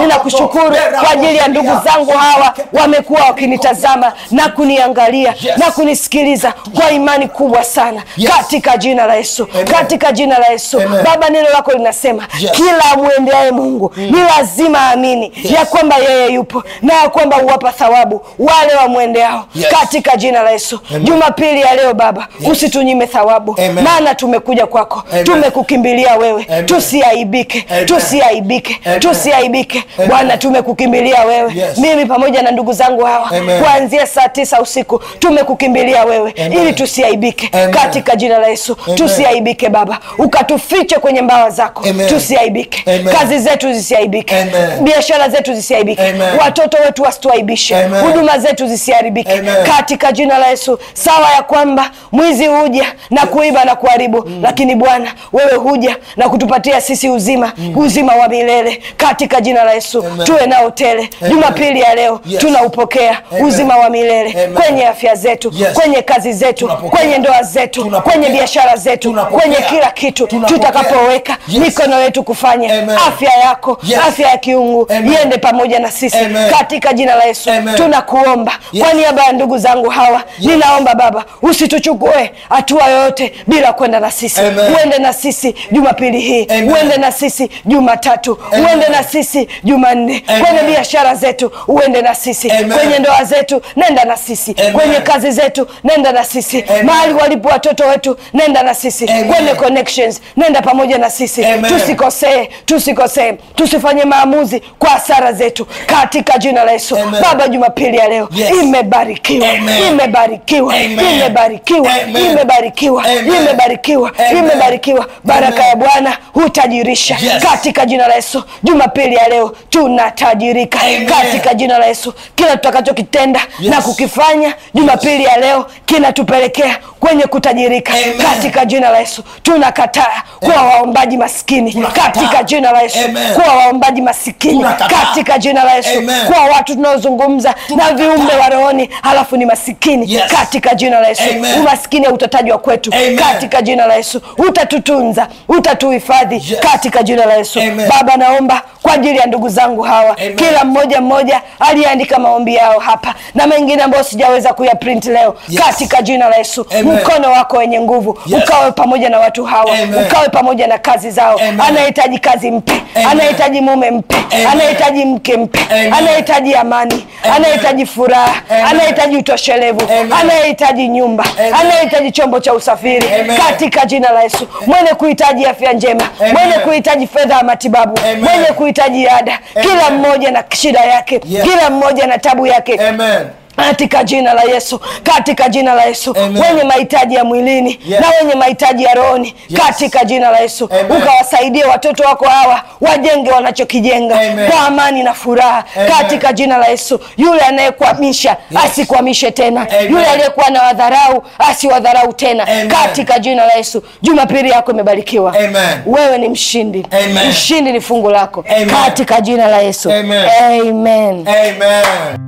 Ninakushukuru kwa ajili ya ndugu zangu hawa, wamekuwa wakinitazama na kuniangalia na kunisikiliza kwa imani kubwa sana, katika jina la Yesu, katika jina la Yesu. Baba, neno lako linasema kila amwendeaye Mungu mm. ni lazima aamini ya kwamba yeye yupo na ya kwamba huwapa thawabu wale wamwendeao, katika jina la Yesu. Jumapili ya leo Baba, usitunyime thawabu, maana tumekuja kwako, tumekukimbilia wewe tusiaibike, tusiaibike, tusiaibike. Bwana, tumekukimbilia wewe yes. Mimi pamoja na ndugu zangu hawa kuanzia saa tisa usiku tumekukimbilia wewe Amen. Ili tusiaibike katika jina la Yesu, tusiaibike Baba, ukatufiche kwenye mbawa zako, tusiaibike, kazi zetu zisiaibike, biashara zetu zisiaibike, watoto wetu wasituaibishe, huduma zetu zisiharibike katika jina la Yesu. Sawa ya kwamba mwizi huja na kuiba na kuharibu, mm. lakini Bwana wewe huja na kutu kutupatia sisi uzima mm. uzima wa milele katika jina la Yesu tuwe na utele Jumapili ya leo yes. tunaupokea uzima wa milele Amen. kwenye afya zetu yes. kwenye kazi zetu tunapokea. kwenye ndoa zetu tunapokea. kwenye biashara zetu tunapokea. kwenye kila kitu tutakapoweka yes. mikono yetu kufanya Amen. afya yako yes. afya ya kiungu iende pamoja na sisi Amen. katika jina la Yesu tunakuomba yes. kwa niaba ya ndugu zangu hawa yes. ninaomba Baba usituchukue hatua yoyote bila kwenda na sisi, uende na sisi Jumapili hii bidii, uende na sisi Jumatatu, uende na sisi Jumanne, kwenye biashara zetu uende na sisi, kwenye ndoa zetu nenda na sisi, kwenye kazi zetu nenda na sisi, mahali walipo watoto wetu nenda na sisi, kwenye connections nenda pamoja na sisi, tusikosee, tusikosee, tusifanye maamuzi kwa hasara zetu, katika jina la Yesu. Baba, Jumapili ya leo imebarikiwa, imebarikiwa, imebarikiwa, imebarikiwa, imebarikiwa, imebarikiwa. Baraka ya Bwana hutajirisha yes. Katika jina la Yesu, jumapili ya leo tunatajirika katika jina la Yesu. Kila tutakachokitenda yes. na kukifanya jumapili yes. ya leo kinatupelekea kwenye kutajirika Amen. Katika jina la Yesu tunakataa kuwa waombaji maskini katika jina la Yesu, kuwa waombaji maskini katika jina la Yesu, kuwa watu tunaozungumza na viumbe wa rohoni halafu ni masikini yes. Katika jina la Yesu Umaskini hautatajwa kwetu Amen. Katika jina la Yesu utatutunza, utatuhifadhi yes. Katika jina la Yesu Amen. Baba, naomba kwa ajili ya ndugu zangu hawa Amen. Kila mmoja mmoja aliyeandika maombi yao hapa na mengine ambayo sijaweza kuyaprint leo yes. Katika jina la Yesu Amen. Mkono wako wenye nguvu yes. Ukawe pamoja na watu hawa Amen. Ukawe pamoja na kazi zao. Anahitaji kazi mpe, anahitaji mume mpe, anahitaji mke mpe, anahitaji amani, anahitaji furaha, anahitaji utoshelevu, anahitaji nyumba, anahitaji chombo cha usafiri Amen. Katika jina la Yesu, mwenye kuhitaji afya njema, mwenye kuhitaji fedha ya matibabu, mwenye kuhitaji ada, kila mmoja na shida yake, yes. Kila mmoja na tabu yake Amen katika jina la Yesu, katika jina la Yesu, wenye mahitaji ya mwilini yes, na wenye mahitaji ya rohoni yes, katika jina la Yesu ukawasaidie watoto wako hawa wajenge wanachokijenga kwa amani na furaha Amen, katika jina la Yesu. Yule anayekwamisha yes, asikwamishe tena Amen. Yule aliyekuwa na wadharau asiwadharau tena Amen, katika jina la Yesu. Jumapili yako imebarikiwa Wewe ni mshindi Amen. Mshindi ni fungu lako Amen, katika jina la Yesu Amen, Amen. Amen.